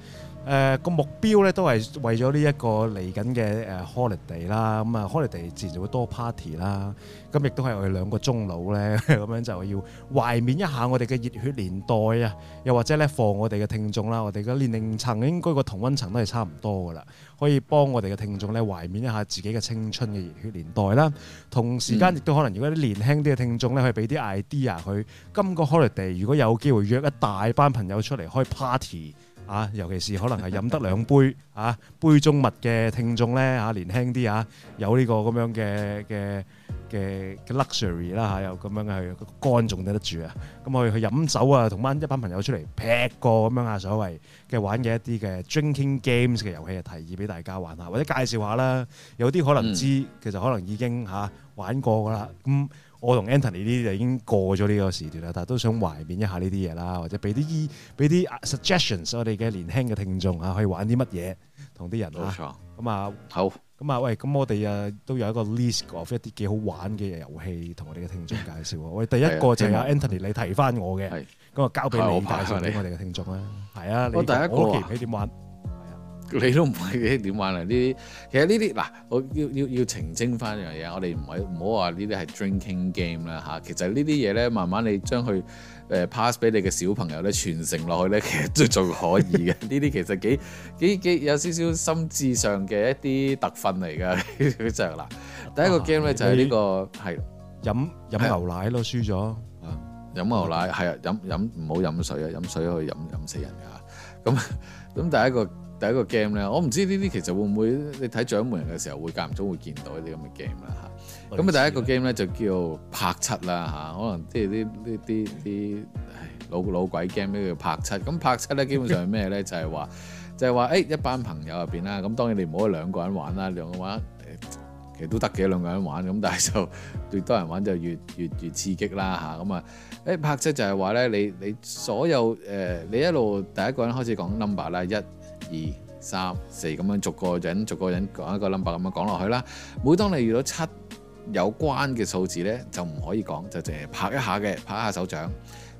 Speaker 1: 誒個目標咧都係為咗呢一個嚟緊嘅誒 holiday 啦，咁啊 holiday 自然就會多 party 啦，咁亦都係我哋兩個中佬咧咁 樣就要懷緬一下我哋嘅熱血年代啊，又或者咧放我哋嘅聽眾啦，我哋嘅年齡層應該個同溫層都係差唔多噶啦。可以幫我哋嘅聽眾咧懷緬一下自己嘅青春嘅熱血年代啦，同時間亦都可能如果啲年輕啲嘅聽眾咧，可以俾啲 idea 佢今個 holiday，如果有機會約一大班朋友出嚟開 party 啊，尤其是可能係飲得兩杯 啊杯中物嘅聽眾咧嚇、啊、年輕啲啊，有呢個咁樣嘅嘅嘅嘅 luxury 啦嚇，有咁樣係肝仲頂得住啊！咁可以去飲酒啊，同班一班朋友出嚟劈過咁樣啊，所謂嘅玩嘅一啲嘅 drinking games 嘅遊戲嘅提議俾大家玩下，或者介紹下啦。有啲可能知，其實可能已經嚇玩過噶啦。咁我同 Anthony 呢啲就已經過咗呢個時段啦，但係都想懷念一下呢啲嘢啦，或者俾啲依俾啲 suggestions，我哋嘅年輕嘅聽眾啊，可以玩啲乜嘢同啲人啊。冇錯，咁啊好。咁啊、嗯，喂，咁我哋啊都有一個 list of 一啲幾好玩嘅遊戲，同我哋嘅聽眾介紹啊。嗯、喂，第一個就係阿 Anthony，你提翻、嗯、我嘅，咁啊交俾你帶翻俾我哋嘅聽眾啦。係、嗯
Speaker 2: 嗯、啊，我第一個你點玩？係啊，啊你都唔知點玩啊？呢啲其實呢啲嗱，我要要要澄清翻一樣嘢，我哋唔係唔好話呢啲係 drinking game 啦嚇。其實呢啲嘢咧，慢慢你將佢。誒 pass 俾你嘅小朋友咧，傳承落去咧，其實都仲可以嘅。呢啲 其實幾幾幾有少少心智上嘅一啲特訓嚟㗎。 就係嗱、啊 嗯，第一個 game 咧就係呢個係飲
Speaker 1: 飲牛奶咯，輸咗。
Speaker 2: 飲牛奶係啊，飲飲唔好飲水啊，飲水可以飲飲死人㗎。咁咁第一個第一個 game 咧，我唔知呢啲其實會唔會你睇獎門人嘅時候會間唔中會見到呢啲咁嘅 game 啦嚇。咁啊，第一個 game 咧就叫拍七啦嚇，可能即係啲啲啲啲唉老老鬼 game 咧叫拍七。咁拍七咧基本上係咩咧 就係話就係話誒一班朋友入邊啦，咁當然你唔好得兩個人玩啦，兩個，玩兩個人玩其實都得嘅，兩個人玩咁，但係就越多人玩就越越越刺激啦吓，咁啊誒拍七就係話咧，你你所有誒你一路第一個人開始講 number 啦，一、二、三、四咁樣逐個人逐個人講一個 number 咁樣講落去啦。每當你遇到七有關嘅數字呢，就唔可以講，就淨係拍一下嘅，拍一下手掌。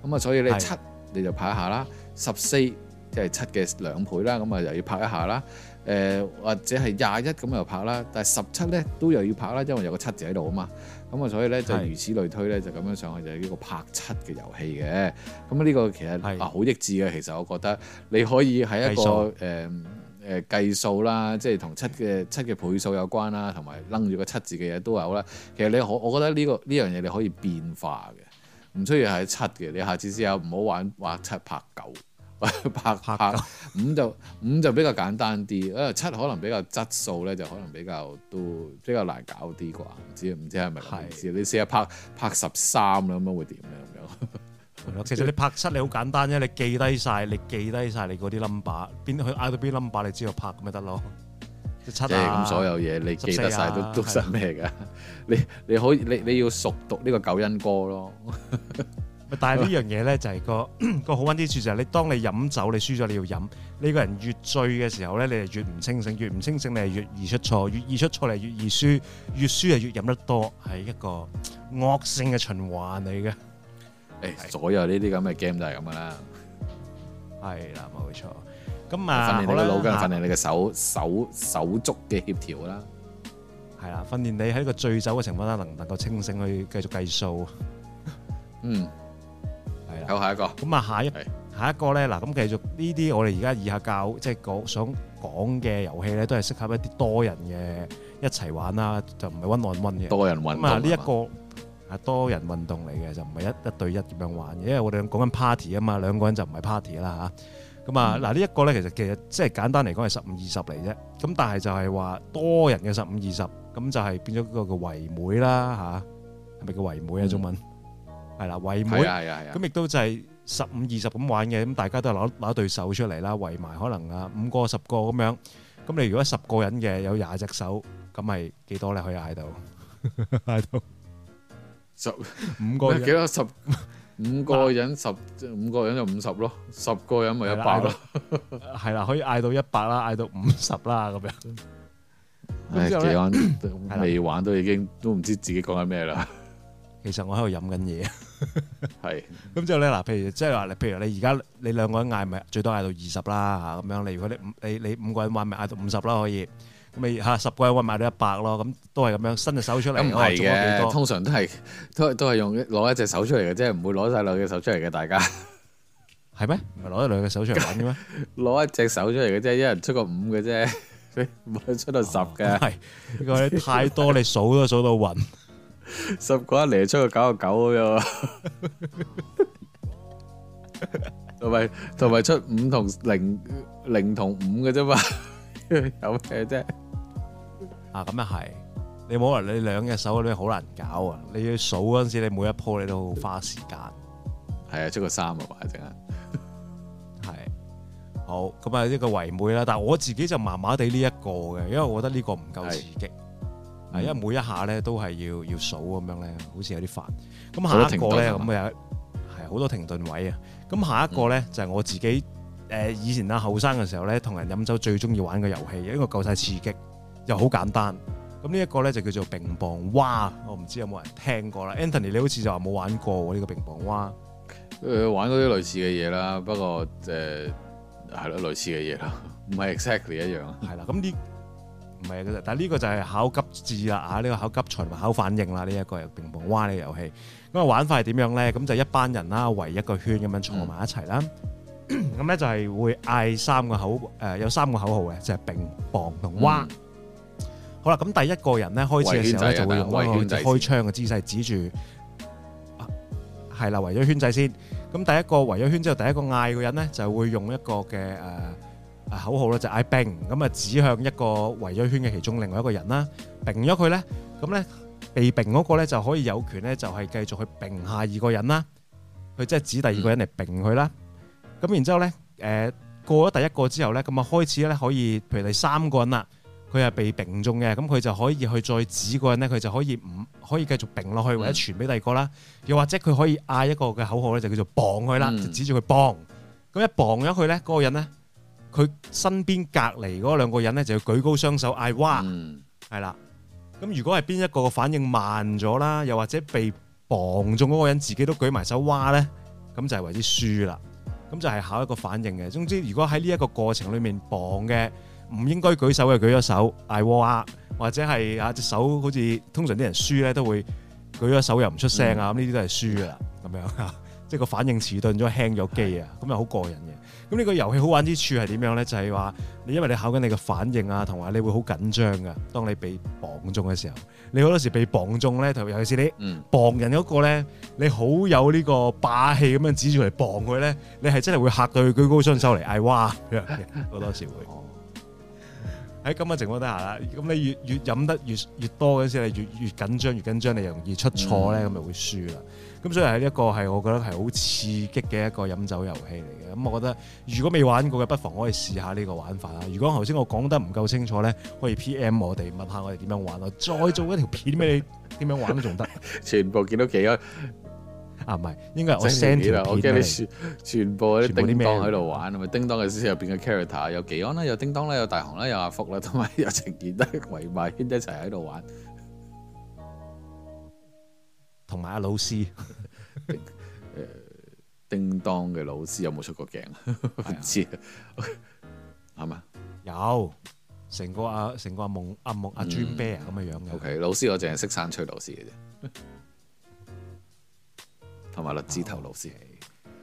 Speaker 2: 咁啊，所以呢，七的你就拍一下啦，十四即係七嘅兩倍啦，咁啊又要拍一下啦。誒、呃、或者係廿一咁又拍啦，但係十七呢，都又要拍啦，因為有個七字喺度啊嘛。咁啊，所以呢，就如此類推呢，的就咁樣上去就係、是、一個拍七嘅遊戲嘅。咁啊，呢個其實的啊好益智嘅，其實我覺得你可以喺一個誒。的誒、呃、計數啦，即係同七嘅七嘅倍數有關啦，同埋掕住個七字嘅嘢都有啦。其實你我我覺得呢、呢個呢樣嘢你可以變化嘅，唔需要係七嘅。你下次試下唔好玩玩七拍九，拍拍，拍五就五就比較簡單啲。因誒七可能比較質數咧，就可能比較都比較難搞啲啩。唔知唔知係咪唔知？是你試下拍拍十三啦，咁樣會點咧咁樣？ 其實你
Speaker 1: 拍七你好簡單啫，你記低晒，你記低晒你嗰啲 number，邊去挨到邊 number，你知道我
Speaker 2: 拍咪得咯。即係咁、啊，欸、所有嘢你記得晒都、啊、都實咩噶？你你可以你你要熟讀呢個九因歌
Speaker 1: 咯。 但係呢樣嘢咧就係、是、個個好玩之處就係你當你飲酒你輸咗你要飲，呢個人越醉嘅時候咧你係越唔清醒，越唔清醒你係越易出錯，越易出錯你越易輸，越輸係越飲得多，
Speaker 2: 係一個
Speaker 1: 惡性嘅循環嚟嘅。
Speaker 2: 誒，左右呢啲咁嘅 game 就係咁噶啦，係啦，冇錯。咁啊，訓練你嘅腦筋，訓練你嘅手手手足嘅協調啦，
Speaker 1: 係啦，訓練你喺個醉酒嘅情況下能唔能夠清醒去繼續計數。
Speaker 2: 嗯，係啦，好，下
Speaker 1: 一個。咁啊，下一下一個咧，嗱，咁繼續呢啲我哋而家以下教即係講想講嘅遊戲咧，都係適合一啲多人嘅一齊玩啦，就唔係 one on one 嘅。多人玩。咁啊，呢一個。係多人運動嚟嘅，就唔係一一對一咁樣玩嘅，因為我哋講緊 party 啊嘛，兩個人就唔係 party 啦嚇。咁啊，嗱呢一個咧，其實其實即係簡單嚟講係十五二十嚟啫。咁但係就係話多人嘅十五二十，咁就係變咗嗰個圍妹啦嚇，係咪叫圍妹啊？中文係啦，圍妹。係啊係啊係啊。咁亦都就係十五二十咁玩嘅，咁大家都攞攞對手出嚟啦，圍埋可能啊五個十個咁樣。咁你如果十個人嘅有廿隻手，咁咪幾多咧？可以嗌到嗌到。
Speaker 2: 十五個幾多？十五個人十， 五個人十五個人就五十咯，十個人咪一百咯。係啦， 可
Speaker 1: 以嗌到一百啦，嗌到五十啦，咁樣。
Speaker 2: 咁之 未玩都已經都唔知自己講緊咩啦。
Speaker 1: 其實我喺度飲緊嘢。係 是。咁之 後咧，嗱，譬如即係話，你、就是、譬如你而家你兩個人嗌咪最多嗌到二十啦吓，咁樣。你如果你五你你五個人玩咪嗌到五十啦，可以。咪嚇十個位賣到一百咯，咁都係咁樣伸隻手出嚟。咁唔係嘅，通常
Speaker 2: 都係都係都係用攞一隻手出嚟嘅，即係唔會攞曬兩隻手出嚟嘅。大家
Speaker 1: 係咩？唔係攞一兩隻手出嚟玩嘅咩？
Speaker 2: 攞一隻手出嚟嘅啫，一人出個五嘅啫，唔好出到十嘅。
Speaker 1: 係呢個太多，你數都數到暈。
Speaker 2: 十個一嚟出個九個九咁啊！同埋同埋出五同零零同五嘅啫嘛。 有咩啫？啊，咁又係，你冇可能你兩隻手
Speaker 1: 你好難搞啊！你要數嗰陣時，你每一鋪你都好花時間。係啊，出個三啊嘛，淨係。好，咁啊呢個唯妹啦，但係我自己就麻麻地呢一、這個嘅，因為我覺得呢個唔夠刺激。啊是，嗯、因為每一下咧都係要要數咁樣咧，好似有啲煩。咁下一個咧咁又係好多停頓位啊！咁下一個咧、嗯、就係我自己。誒以前啊，後生嘅時候咧，同人飲酒最中意玩嘅遊戲，因為夠晒刺激，又好簡單。咁呢一個咧就叫做平磅蛙，我唔知有冇人聽過啦。Anthony 你好似就話冇玩過喎，呢個平磅蛙。
Speaker 2: 誒玩嗰啲類似嘅嘢啦，不過誒係咯類似嘅嘢咯，唔係 exactly 一樣。係啦，咁你唔
Speaker 1: 係，但係呢個就係考急智啦，啊呢個考急才同考反應啦，呢一個係平磅蛙嘅遊戲。咁啊玩法係點樣咧？咁就一班人啦，圍一個圈咁樣坐埋一齊啦。嗯咁咧就係會嗌三個口誒，有三個口號嘅，就係並、棒同挖。好啦，咁第一個人咧開始嘅時候咧，就會用一個開槍嘅姿勢指住，係啦，圍咗圈仔先。咁第一個圍咗圈之後，第一個嗌嘅人咧，就係會用一個嘅誒誒口號咧，就嗌並。咁啊，指向一個圍咗圈嘅其中另外一個人啦，並咗佢咧，咁咧被並嗰個咧就可以有權咧，就係繼續去並下二個人啦。佢即係指第二個人嚟並佢啦。咁然之後咧，誒、呃、過咗第一個之後咧，咁啊開始咧可以，譬如第三個人啦，佢係被並中嘅，咁佢就可以去再指個人咧，佢就可以唔可以繼續並落去，嗯、或者傳俾第二個啦。又或者佢可以嗌一個嘅口號咧，就叫做綁佢啦，嗯、就指住佢綁。咁一綁咗佢咧，嗰、那個人咧，佢身邊隔離嗰兩個人咧就要舉高雙手嗌哇，係啦。咁、嗯、如果係邊一個嘅反應慢咗啦，又或者被綁中嗰個人自己都舉埋手哇咧，咁就係為之輸啦。咁就係考一個反應嘅。總之，如果喺呢一個過程裡面綁，磅嘅唔應該舉手嘅舉咗手，嗌哇，或者係啊隻手好似通常啲人輸咧都會舉咗手又唔出聲啊，咁呢啲都係輸㗎喇，咁樣啊，即係個反應遲鈍咗，輕咗機啊，咁又好過癮嘅。咁呢個遊戲好玩之處係點樣咧？就係話你因為你考緊你嘅反應啊，同埋你會好緊張嘅。當你被綁中嘅時候，你好多時被綁中咧，尤其是你綁人嗰個咧，你好有呢個霸氣咁樣指住嚟綁佢咧，你係真係會嚇到佢舉高雙手嚟嗌哇！好多時會喺咁嘅情況底下啦。咁你越越飲得越越多嗰陣時候，你越越緊張越緊張，你又容易出錯咧，咁咪、嗯、會輸啦。咁、嗯、所以係一個係我覺得係好刺激嘅一個飲酒遊戲嚟嘅。咁、嗯、我覺得如果未玩過嘅，不妨可以試下呢個玩法啦。如果頭先我講得唔夠清楚咧，可以 P. M. 我哋問下我哋點樣玩咯。再做一條片俾你點樣玩都仲得。
Speaker 2: 全部見到幾安啊？唔係，應該係我 send 完條片，我驚你全。全部啲叮當喺度玩，咪麼叮當嘅書入邊嘅 character 有技安啦，有叮當啦，有大雄啦，有阿福啦，同埋有成幾多圍埋圈一齊喺度玩。同埋阿老師，誒、 呃、叮當嘅老師有冇出過鏡 道 啊？唔知係咪有
Speaker 1: 成個阿、啊、成個阿、啊、夢阿木阿 Juan Bear 咁嘅樣嘅？啊啊嗯啊、o、okay,
Speaker 2: K 老師我淨係識山吹老師嘅啫，同埋栗子頭老師。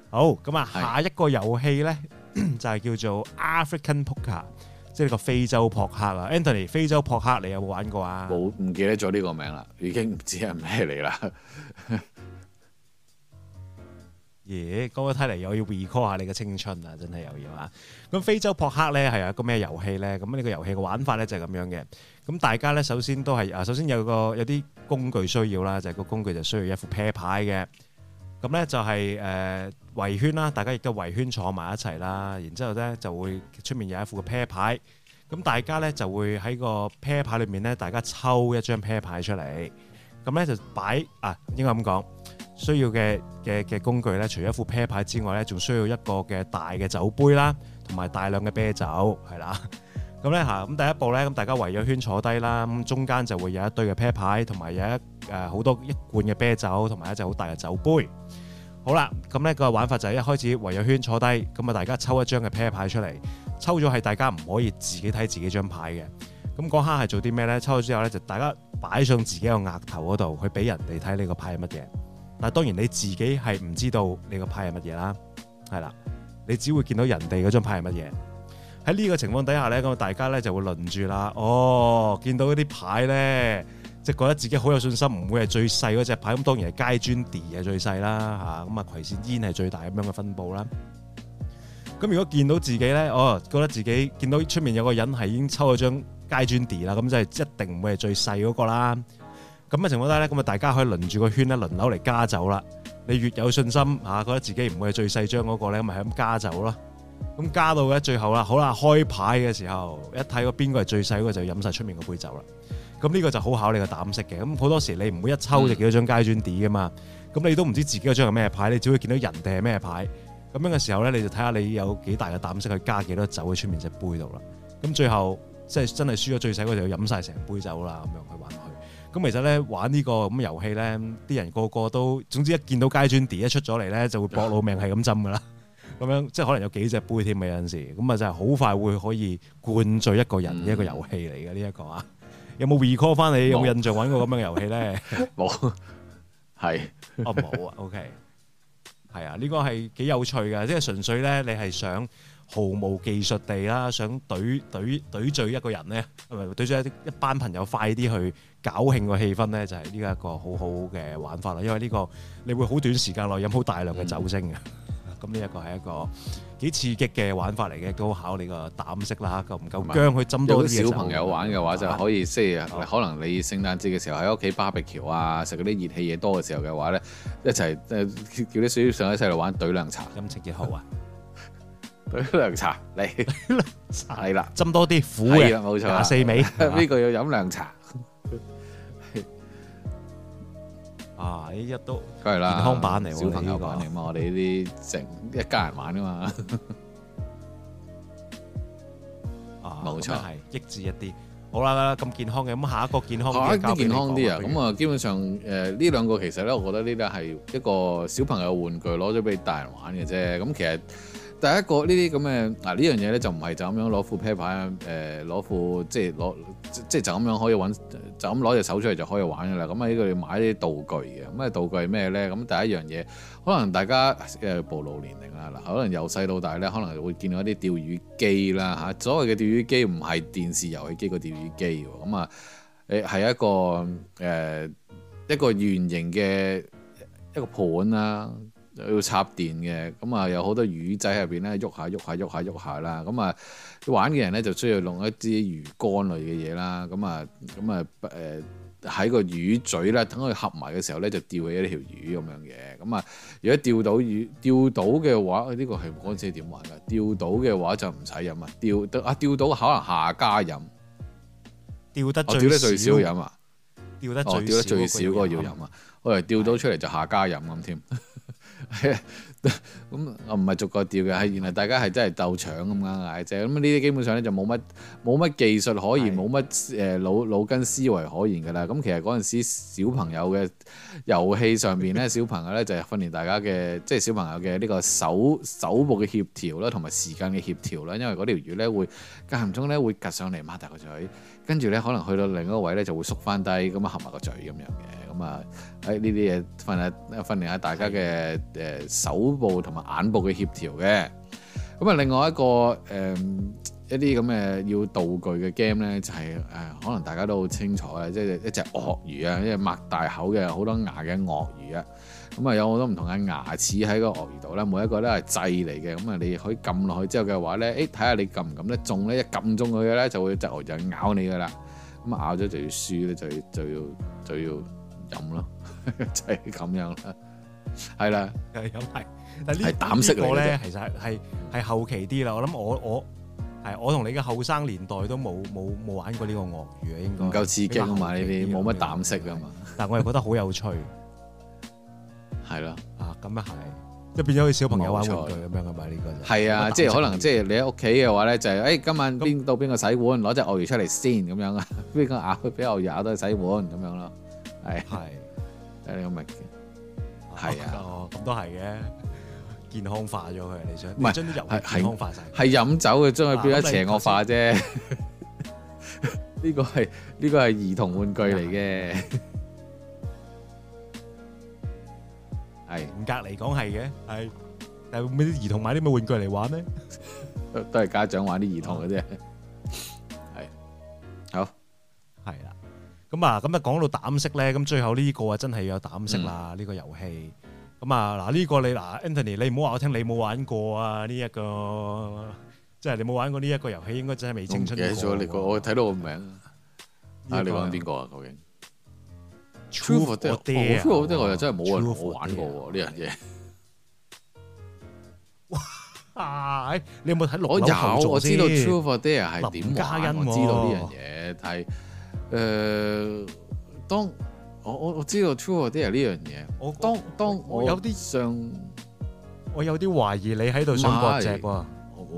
Speaker 2: 好
Speaker 1: 咁啊， 下一個遊戲咧是 就係叫做 African Poker。即係個非洲撲克啊，Anthony，非洲撲克你有冇玩
Speaker 2: 過啊？冇，唔記得咗呢個名啦，已經唔知係咩嚟啦。耶，哥哥睇
Speaker 1: 嚟又要 recall 下你嘅青春啊，真係又要啊！咁非洲撲克咧係一個咩遊戲咧？咁呢個遊戲嘅玩法咧就係咁樣嘅。咁大家咧首先都係啊，首先有個有啲工具需要啦，就係、是、個工具就需要一副啤牌嘅。咁咧就係、是、誒。呃圍圈啦，大家亦都圍圈坐埋一齊啦，然之後呢就會出面有一副嘅啤牌，咁大家呢，就會喺個啤牌裏面呢，大家抽一張啤牌出嚟，咁呢，就擺啊，應該咁講，需要嘅嘅嘅工具呢，除咗一副啤牌之外呢，仲需要一個嘅大嘅酒杯啦，同埋大量嘅啤酒，係啦，咁 呢、嗯，吓，咁第一步呢，咁大家圍咗圈坐低啦，咁中間就會有一堆嘅啤牌，同埋有一誒好、呃、多一罐嘅啤酒，同埋一隻好大嘅酒杯。好啦，咁、那、呢個玩法就係一開始圍咗圈坐低，咁啊大家抽一張嘅啤牌出嚟，抽咗係大家唔可以自己睇自己張牌嘅。咁講下係做啲咩呢？抽咗之後呢，就大家擺上自己個額頭嗰度，去俾人哋睇呢個牌係乜嘢。但係當然你自己係唔知道你個牌係乜嘢啦，係啦，你只會見到人哋嗰張牌係乜嘢。喺呢個情況底下呢，咁大家呢就會輪住啦。哦，見到啲牌呢。即覺得自己好有信心，唔會係最細嗰隻牌，咁當然係街磚 d 係最細啦，嚇咁啊，葵扇煙係最大咁樣嘅分佈啦。咁、啊、如果見到自己咧，哦，覺得自己見到出面有個人係已經抽咗張街磚 d 啦、啊，咁就係一定唔會係最細嗰、嗰個啦。咁嘅情況底下咧，咁啊大家可以輪住個圈咧，輪流嚟加酒啦。你越有信心嚇、啊，覺得自己唔會係最細張嗰個咧，咁咪係咁加酒咯。咁加到咧最後啦，好啦，開牌嘅時候一睇個邊個係最細嗰個，就要飲曬出面個杯酒啦。咁呢個就好考你個膽識嘅，咁好多時你唔會一抽就幾多張階磚碟噶嘛，咁、嗯、你都唔知自己嗰張係咩牌，你只會見到人哋係咩牌，咁樣嘅時候咧，你就睇下你有幾大嘅膽識去加幾多酒喺出面隻杯度啦。咁最後即係、就是、真係輸咗最細嗰陣飲晒成杯酒啦，咁樣去玩佢。咁其實咧玩呢個咁遊戲咧，啲人個個都總之一見到階磚碟一出咗嚟咧，就會搏老命係咁斟噶啦。咁樣即係可能有幾隻杯添嘅有陣時，咁啊就係好快會可以灌醉一個人嘅一個遊戲嚟嘅呢一個啊。嗯 有冇 recall 翻，你有冇印象玩過咁樣嘅遊戲咧？冇，係啊，冇啊，OK，係啊，呢、okay 啊呢個係幾有趣噶，即係純粹咧，你係想毫無技術地啦，想懟懟懟醉一個人咧，唔係懟醉一班朋友，快啲去搞興個氣氛咧，就係、係、呢個一個好好嘅玩法啦。因為呢個你會好短時間內飲好大量嘅酒精嘅。嗯咁呢一個係一個幾刺激嘅玩法嚟嘅，都考你個膽識啦，夠唔夠薑佢針多啲。有啲小朋友玩嘅話就可
Speaker 2: 以，即係、啊、可能你聖誕節嘅時候喺屋企 BBQ 啊，食嗰啲熱氣嘢多嘅時候嘅話咧，一齊、呃、叫啲小朋友一齊嚟玩兌涼茶，飲食幾好啊！兌涼茶嚟，係啦，斟多啲苦冇錯，四味，呢個要飲涼茶。啊，呢一都梗係啦，健康版嚟，小朋友版嚟嘛，我哋呢啲成一家人玩吖嘛。啊，冇錯，係
Speaker 1: 益智一啲。好啦，咁健康嘅咁，下一個健康，下一個健康啲啊。咁啊，基
Speaker 2: 本上誒呢兩個其實咧，我覺得呢啲係一個小朋友玩具攞咗俾大人玩嘅啫。咁其實。第一個呢啲咁嘅，嗱，呢樣嘢咧就唔係就咁樣攞副 pair 牌、呃、誒攞副即係攞即即就咁樣可以揾就咁攞隻手出嚟就可以玩噶啦。咁啊呢個要買啲道具嘅，咁啊道具係咩咧？咁、嗯、第一樣嘢可能大家誒、啊、暴露年齡啦嗱、啊，可能由細到大咧，可能會見到一啲釣魚機啦嚇、啊。所謂嘅釣魚機唔係電視遊戲機個釣魚機喎，咁啊誒係、啊、一個誒、啊、一個圓形嘅一個盤啦。啊要插電嘅，咁啊有好多魚仔入邊咧喐下喐下喐下喐下啦，咁啊玩嘅人咧就需要弄一啲魚竿類嘅嘢啦，咁啊咁啊誒喺個魚嘴咧，等佢合埋嘅時候咧就釣起一條魚咁樣嘅，咁啊如果釣到魚釣到嘅話，呢個係乾先點玩噶？釣到嘅話，這個、話就唔使飲啊，釣得啊釣到可能下家飲、哦，釣得最少飲啊，釣得最少嗰個要飲啊，我哋釣到出嚟就下家飲咁添。係咁啊唔係逐個釣嘅，係原來大家係真係鬥搶咁樣挨隻，咁呢啲基本上咧就冇乜冇乜技術可言，冇乜誒腦腦筋思維可言噶啦。咁其實嗰陣時小朋友嘅遊戲上邊咧， 小朋友咧就係訓練大家嘅即係小朋友嘅呢個手手，手部嘅協調啦，同埋時間嘅協調啦。因為嗰條魚咧會間唔中咧會夾上嚟擘大個嘴，跟住咧可能去到另一個位咧就會縮翻低，咁啊合埋個嘴咁樣嘅。咁啊喺呢啲嘢，訓下訓練下大家嘅誒手部同埋眼部嘅協調嘅。咁啊，另外一個誒、呃、一啲咁嘅要道具嘅 game 咧，就係、是、誒可能大家都好清楚啊，即係一隻鱷魚啊，一隻擘大口嘅好多牙嘅鱷魚啊。咁、嗯、啊，有好多唔同嘅牙齒喺個鱷魚度咧，每一個咧係掣嚟嘅。咁啊，你可以撳落去之後嘅話咧，誒睇下你撳唔撳咧，中咧一撳中佢嘅咧就會隻鱷魚咬你噶啦。咁、嗯、啊，咬咗就要輸咧，就就要就要。就要就要飲咯，就係咁樣啦，係啦，
Speaker 1: 係飲係，但係呢個膽色咧，其實係係後期啲啦。我諗我我係我同你嘅後生年代都冇冇冇玩過呢個鱷魚啊，應該
Speaker 2: 唔夠刺激啊嘛，你哋冇乜膽色啊嘛。但係我又覺得好有趣，係啦，啊咁啊係，
Speaker 1: 即係變咗去小朋友玩玩具咁樣啊嘛，呢個
Speaker 2: 係啊，即係可能即係你喺屋企嘅話咧，就係誒，今晚邊到邊個洗碗，攞隻鱷魚出嚟先咁樣啊，邊個牙俾鱷魚咬到洗碗咁樣咯。係，係，你咁明嘅，係啊，哦，咁都係嘅， 健康化咗佢，你想唔係將啲遊戲健康化晒。係飲酒嘅將佢變得邪惡化啫，呢 個係呢、呢個係兒童玩具嚟嘅，係的，嚴格嚟講係嘅，係，但係咩
Speaker 1: 啲兒童買啲咩玩具嚟玩咧？
Speaker 2: 都都係家長玩啲兒童嘅啫。
Speaker 1: 咁啊，咁一講到膽色咧，咁最後呢個啊真係有膽色啦！呢個遊戲，咁啊嗱呢個你嗱 Anthony，你唔好話我聽你冇玩過啊！呢一個即係你冇玩過呢一個遊戲，應該真係未青春。記咗你
Speaker 2: 個，我睇到個名啊！你玩邊個啊？究竟？Truth or Dare，Truth or Dare 我又真係冇話我玩過呢樣嘢。哇！你有冇睇攞有？我知道 Truth or Dare 係點噶，我知道呢樣嘢，但係。誒、呃，當我我我知道 Truth or Dare 呢樣嘢，我當當我有啲上，想我有啲懷疑你喺度想博隻喎，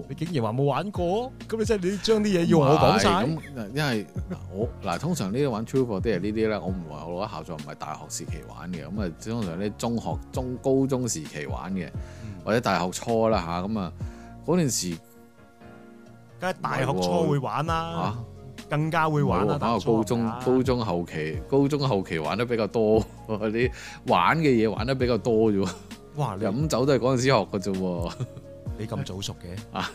Speaker 2: 你
Speaker 1: 竟然話冇玩過，咁你真係你將啲嘢要我講曬。因
Speaker 2: 為我嗱通常呢玩 Truth or Dare 呢啲咧，我唔話我喺校在唔係大學時期玩嘅，咁啊通常啲中學中高中時期玩嘅，嗯、或者大學初啦嚇，咁啊嗰陣時梗係大學初會玩啦。更加會玩得，初中、高中後期、高中後期玩得比較多，嗰啲玩嘅嘢玩得比較多啫喎。哇！飲酒都係嗰陣時學嘅啫喎，你咁早熟嘅啊？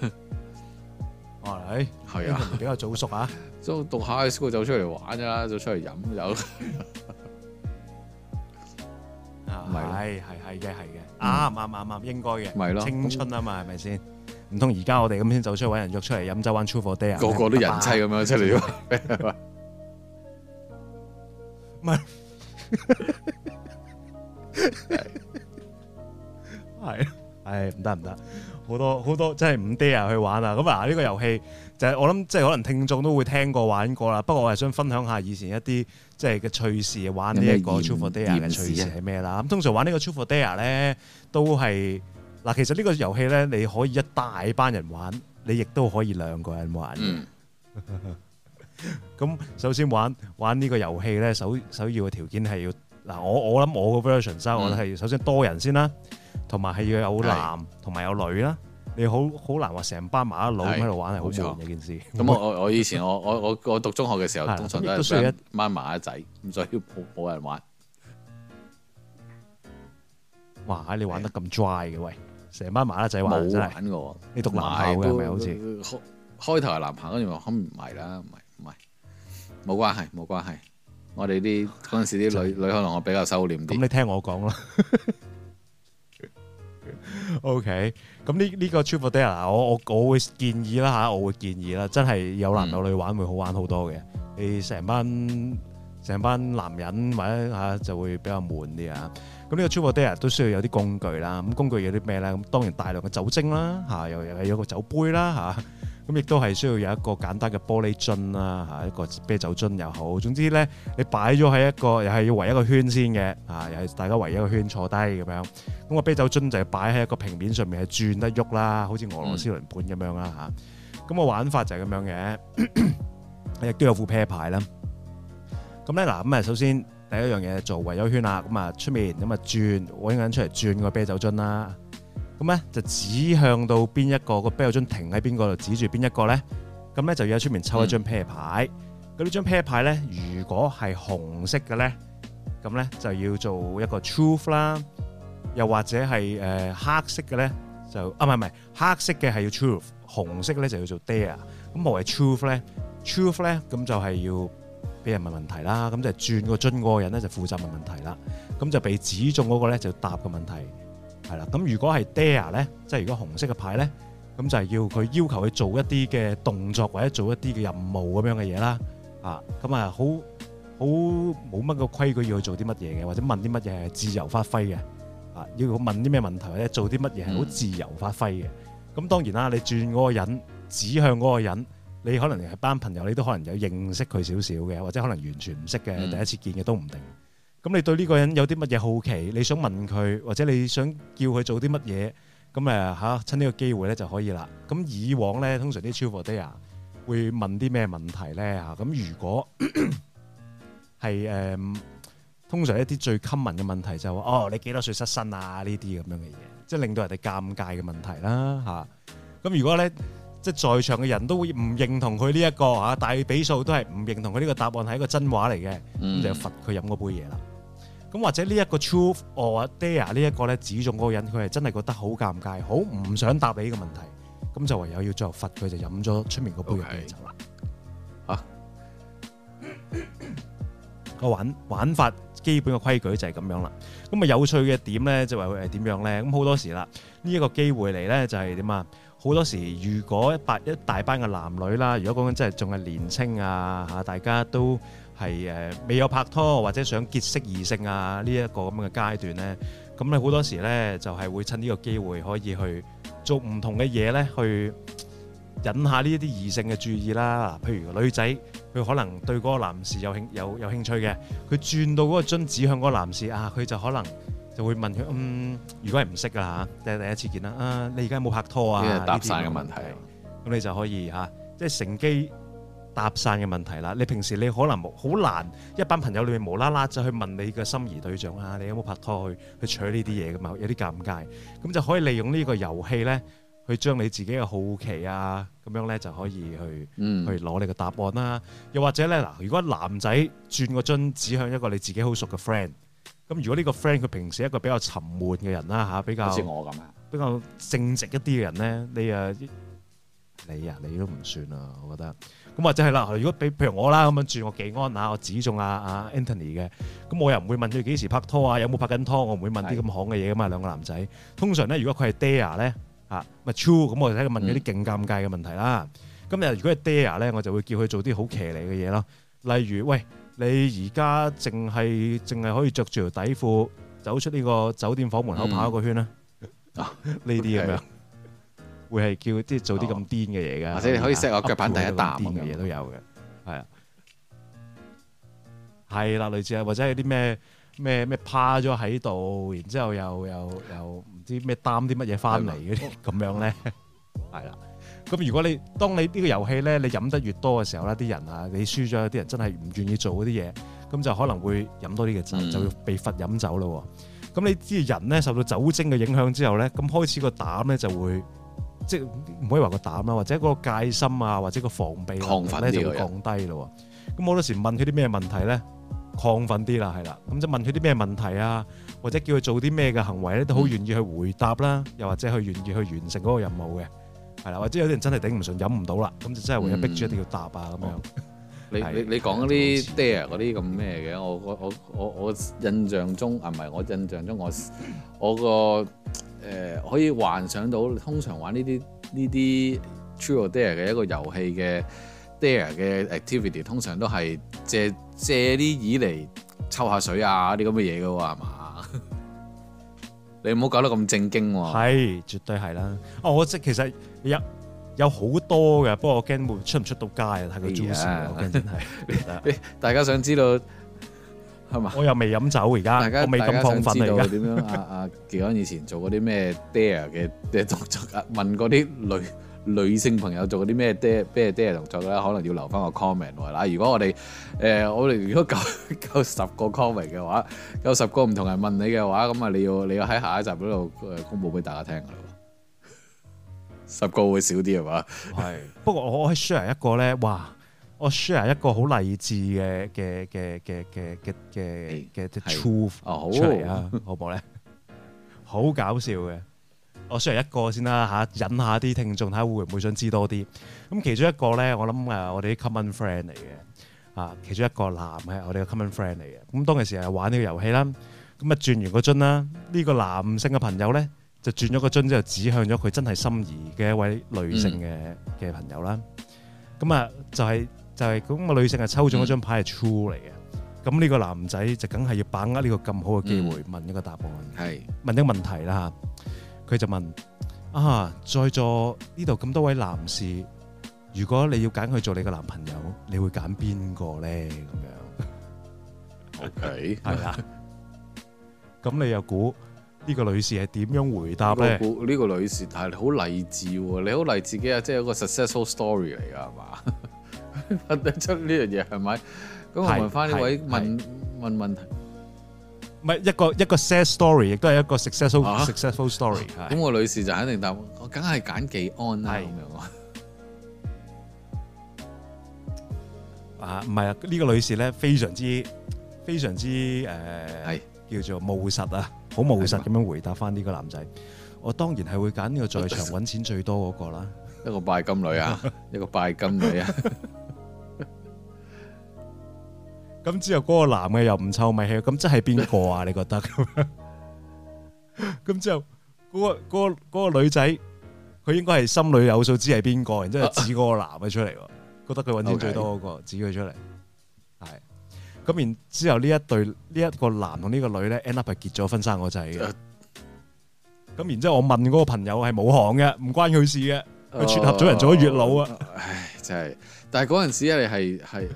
Speaker 2: 哦係，係啊，比較早熟啊，都讀下書就出嚟玩啦，就出嚟飲酒。唔係係係嘅係嘅，啱啱啱啱應該嘅，唔係囉，青
Speaker 1: 春啊嘛，係咪先？唔通而家我哋咁先走出去揾人約出嚟飲酒玩 Truth or Dare，個個都人妻咁
Speaker 2: 樣出嚟喎，唔係，係，唉，唔得唔得，
Speaker 1: 好多好多，真係唔 Dare 去玩啦。咁啊，呢個遊戲就係我諗，即係可能聽眾都會聽過玩過啦。不過我係想分享下以前一啲即係嘅趣事，玩呢一個 Truth or Dare 嘅趣事係咩啦？咁通常玩呢個 Truth or Dare 咧，都係。嗱，其實呢個遊戲咧，你可以一大班人玩，你亦都可以兩個人玩。咁、嗯、 首先玩玩呢個遊戲咧，首首要嘅條件係要嗱，我我諗我個 version 啦，我係、嗯、首先多人先啦，同埋係要有男同埋是有，有女啦。你好好難話成班麻一佬喺度玩係好重要嘅件事。咁我
Speaker 2: 我我以前我我我我讀中學嘅時候， 都 馬馬仔仔需要一孖一仔，唔所要冇人玩。
Speaker 1: 哇！你玩得咁 dry 嘅喂？成班麻甩仔
Speaker 2: 玩真係，你讀男校嘅係咪好似開開頭係男校？跟住話唔係啦，唔係唔係，冇關係冇關係。我哋啲嗰陣時啲女女可能我比較收斂啲。咁你聽我講啦。
Speaker 1: OK，咁呢呢個 Truth or Dare 嗱，我我我會建議啦吓，我會建議啦，真係有男有女玩會好玩好多嘅。你成班成班男人玩吓就會比較悶啲啊。咁呢個 Truth or Dare 都需要有啲工具啦，咁工具有啲咩咧？咁當然大量嘅酒精啦，嚇，又又係有個酒杯啦，嚇，咁亦都係需要有一個簡單嘅玻璃樽啦，嚇，一個啤酒樽又好。總之咧，你擺咗喺一個，又係要圍一個圈先嘅，嚇，又係大家圍一個圈坐低咁樣。咁個啤酒樽就係擺喺一個平面上面係轉得喐啦，好似俄羅斯輪盤咁樣啦，嚇。咁個玩法就係咁樣嘅，亦都有副啤牌啦。咁咧嗱，咁啊首先。第一樣嘢做圍繞圈啦，咁啊出面咁啊轉，揾緊出嚟轉個啤酒樽啦。咁咧就指向到邊一個、個啤酒樽停喺邊個度，指住邊一個咧？咁咧就要喺出面抽一張啤牌。咁、嗯、呢張啤牌咧，如果係紅色嘅咧，咁咧就要做一個 truth 啦。又或者係誒、呃、黑色嘅咧，就啊唔係唔係黑色嘅係要 truth，紅色咧就要做 dare。咁無謂 truth 咧，truth 咧咁就係要。俾人問問題啦，咁就係轉個樽嗰個人咧就負責問問題啦，咁就被指中嗰個咧就答個問題，係啦。咁如果係 dare 咧，即係如果紅色嘅牌咧，咁就係要佢要求佢做一啲嘅動作或者做一啲嘅任務咁樣嘅嘢啦，啊，咁啊好好冇乜個規矩要去做啲乜嘢嘅，或者問啲乜嘢係自由發揮嘅，啊，要問啲咩問題咧，做啲乜嘢係好自由發揮嘅。咁、嗯、當然啦，你轉嗰個人指向嗰個人。你可能係班朋友，你都可能有認識佢少少嘅，或者可能完全唔識嘅，嗯、第一次見嘅都唔定。咁你對呢個人有啲乜嘢好奇？你想問佢，或者你想叫佢做啲乜嘢？咁誒吓，趁呢個機會咧就可以啦。咁以往咧通常啲 truth or dare 會問啲咩問題咧嚇？咁如果係誒、 呃、通常一啲最 common 嘅問題就話、係、哦你幾多歲失身啊？呢啲咁樣嘅嘢，即係令到人哋尷尬嘅問題啦嚇。咁、啊、如果咧？即係在場嘅人都會唔認同佢呢一個吓，但、啊、大比數都係唔認同佢呢個答案係一個真話嚟嘅，咁、嗯、就罰佢飲嗰杯嘢啦。咁或者呢一個 truth or dare 呢一個咧指中嗰個人，佢係真係覺得好尷尬，好唔想答你呢個問題，咁就唯有要最後罰佢就飲咗出面個杯嘢就走啦。吓，個玩玩法基本嘅規矩就係咁樣啦。咁啊有趣嘅點咧就係誒點樣咧？咁好多時啦，呢一個機會嚟咧就係點啊？好多時，如果一班一大班嘅男女啦，如果講緊真係仲係年青啊嚇、啊，大家都係誒、呃、未有拍拖或者想結識異性啊呢一個咁嘅階段咧，咁你好多時咧就係、係、會趁呢個機會可以去做唔同嘅嘢咧，去引下呢一啲異性嘅注意啦。譬如女仔佢可能對嗰個男士有興有有興趣嘅，佢轉到嗰個樽指向嗰個男士啊，佢就可能，就會問佢，嗯，如果係唔識噶嚇，即係第一次見啦。啊，你而家有冇拍拖啊？呢啲搭訕嘅問題，咁你就可以嚇，即、啊、係、就是、乘機搭訕嘅問題啦。你平時你可能冇，好難一班朋友裏面無啦啦就去問你嘅心儀對象啊，你有冇拍拖去去取呢啲嘢噶嘛？有啲尷尬，咁就可以利用呢個遊戲咧，去將你自己嘅好奇啊，咁樣咧就可以去、嗯、去攞你嘅答案啦。又或者咧，嗱，如果男仔轉個樽指向一個你自己好熟嘅 friend。咁如果呢個 friend 佢平時一個比較沉悶嘅人啦嚇，比較似我咁啊，比較正直一啲嘅人咧，你誒、啊、你啊你都唔算啊，我覺得。咁或者係啦，如果比譬如，如我啦，咁樣住我寄安啊，我指中啊啊 Anthony 嘅，咁我又唔會問佢幾時拍拖啊，有冇拍緊拖，我唔會問啲咁行嘅嘢噶嘛。是兩個男仔通常咧，如果佢係 Dare 咧嚇咪 True 咁，是啊、mature, 我就喺度問嗰啲勁尷尬嘅問題啦。咁啊、嗯，如果係 Dare 咧，我就會叫佢做啲好騎呢嘅嘢咯，例如喂。你而家淨係淨係可以著住條底褲走出呢個酒店房門口跑一個圈啦，啊，呢啲咁樣，會係叫即係做啲咁癲嘅嘢㗎，或者你可以錫我腳板第一啖咁
Speaker 2: 嘅嘢都有嘅，
Speaker 1: 係啊，係啦，類似啊，或者有啲咩咩咩趴咗喺度，然之後又又又唔知咩擔啲乜嘢翻嚟嗰啲咁樣咧，係啦。咁如果你當你個遊戲呢個遊戲咧，你飲得越多嘅時候咧，啲人啊，你輸咗，有啲人真係唔願意做嗰啲嘢，咁就可能會飲多啲嘅酒，嗯、就會被罰飲酒咯。咁你知人咧受到酒精嘅影響之後咧，咁開始個膽咧就會即係唔可以話個膽啦，或者個戒心啊，或者個防備力咧就會降低咯。咁好多時問佢啲咩問題咧，亢奮啲啦，係啦，咁就係問佢啲咩問題啊，或者叫佢做啲咩嘅行為咧，都好願意去回答啦，嗯、又或者去願意去完成嗰個任務嘅。係啦，或者有啲人真係頂唔順，飲唔到啦，咁就真係唯有逼住一定要答啊咁、嗯、樣。
Speaker 2: 你 是你你講嗰啲 dare 嗰啲咁咩嘅，我我我我印象中啊唔係我印象中我我個誒、呃、可以幻想到，通常玩呢啲呢啲 true or dare 嘅一個遊戲嘅 dare 嘅 activity，通常都係借借啲以嚟抽下水啊啲咁嘅嘢嘅喎係嘛？ 你唔好講得咁正經喎。係，絕對係啦。
Speaker 1: 哦，我即係其實。有有好多嘅，不過我驚會出唔出到街啊！睇佢做事，我驚真
Speaker 2: 係。大家想知道係嘛？我又未飲酒而家，大家我未咁亢奮而家。點樣？阿阿傑安以前做過啲咩 dare 嘅動作啊？問嗰啲女女性朋友做過啲咩 dare 咩 dare 動作咧？可能要留翻個 comment 喎。如果我哋誒、呃、我哋如果夠夠十個 comment 嘅話，夠十個唔同人問你嘅話，咁啊你要你要喺下一集嗰度公佈俾大家聽。十個會少啲係嘛？係。不過我我 share 一個咧，哇！
Speaker 1: 我 share 一個好勵志嘅嘅嘅嘅嘅嘅嘅 truth 出嚟啊，哦、好唔好咧？ 好搞笑嘅，我 share 一個先啦嚇，引下啲聽眾睇下會唔會想知多啲。咁其中一個咧，我諗誒，我哋啲 common friend 嚟嘅啊，其中一個男嘅，我哋嘅 common friend 嚟嘅。咁當其時係玩呢個遊戲啦，咁啊轉完個樽啦，呢、呢個男性嘅朋友咧。就轉咗個樽之後，指向咗佢真係心儀嘅一位女性嘅嘅朋友啦。咁啊、嗯就係，就係就係咁個女性係抽中嗰張牌係 true 嚟嘅。咁呢個男仔就梗係要把握呢個咁好嘅機會，問一個答案，係、嗯、問一個問題啦，佢就問：啊，在座呢度咁多位男士，如果你要揀佢做你嘅男朋友，你會揀邊個咧？咁樣。OK，係啦、 啊。咁你又估？呢個女士係點樣回答咧？
Speaker 2: 呢個女士，但係你好勵志喎，你好勵自己啊，即係一個 successful story 嚟㗎，係嘛？得出呢樣嘢係咪？咁我問翻呢位問問問題，唔
Speaker 1: 係一個一個 success story，亦都係一個 successful successful story。
Speaker 2: 咁個女士就肯定答我，梗係揀幾安啦咁樣啊。
Speaker 1: 啊，唔係啊，呢個女士咧，非常之非常之誒，叫做務實啊。好務實咁樣回答翻，呢個男仔，我當然係會揀呢個在場揾錢最多嗰個啦，
Speaker 2: 一個拜金女啊，一個拜金女啊。
Speaker 1: 咁之後嗰個男嘅又唔臭米氣，咁即係邊個啊？你覺得咁樣？咁之後嗰個嗰個嗰個女仔，佢應該係心裏有數，知係邊個，然之後指嗰個男嘅出嚟，覺得佢揾錢最多嗰個，指佢出嚟，係。咁然之後呢一對呢一個男同呢個女咧，end up 係結咗婚生個仔嘅。咁然之後我問嗰個朋友係冇行嘅，唔關佢事嘅，佢撮合咗人做咗月老啊。
Speaker 2: 唉，真係。但係嗰陣時你係係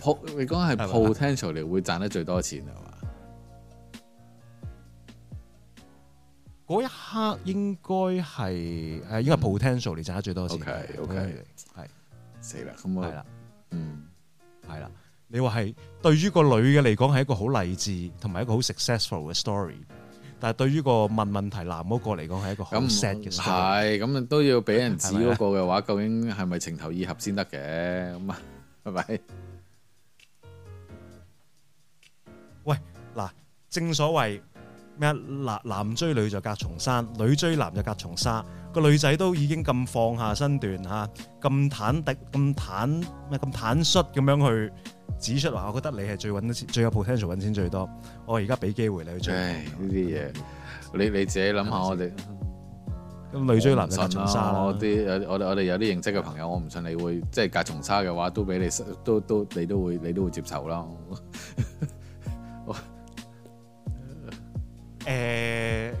Speaker 2: 鋪，你講係 potential 你會賺得最多錢係嘛？
Speaker 1: 嗰一刻應該係係應該係 potential 你賺得最多錢。OK OK，係死啦，咁啊，嗯，係啦。你話係對於個女嘅嚟講係一個好勵志同埋一個好 successful
Speaker 2: 嘅 story，但係對於個問問題男嗰個嚟講係一個好咁那 sad 嘅 of。係咁都要俾人指嗰個嘅話，究竟係咪情投意合先得嘅咁啊？係 咪？ 喂嗱，正所
Speaker 1: 謂咩啊？男男追女就隔重山，女追男就隔重沙。個女仔都已經咁放下身段吓，咁坦迪咁坦咩咁坦，坦率咁樣去。指出話，我覺得你係最揾得最有 potential 揾錢最多。我而家俾機會你
Speaker 2: 去追呢啲嘢，你你自己諗下，我哋咁。女追男信我啲我我我哋有啲認識嘅朋友，我唔信你會即係隔重差嘅話，都俾你都都你都會你都會，你都會接受啦。
Speaker 1: 誒，係，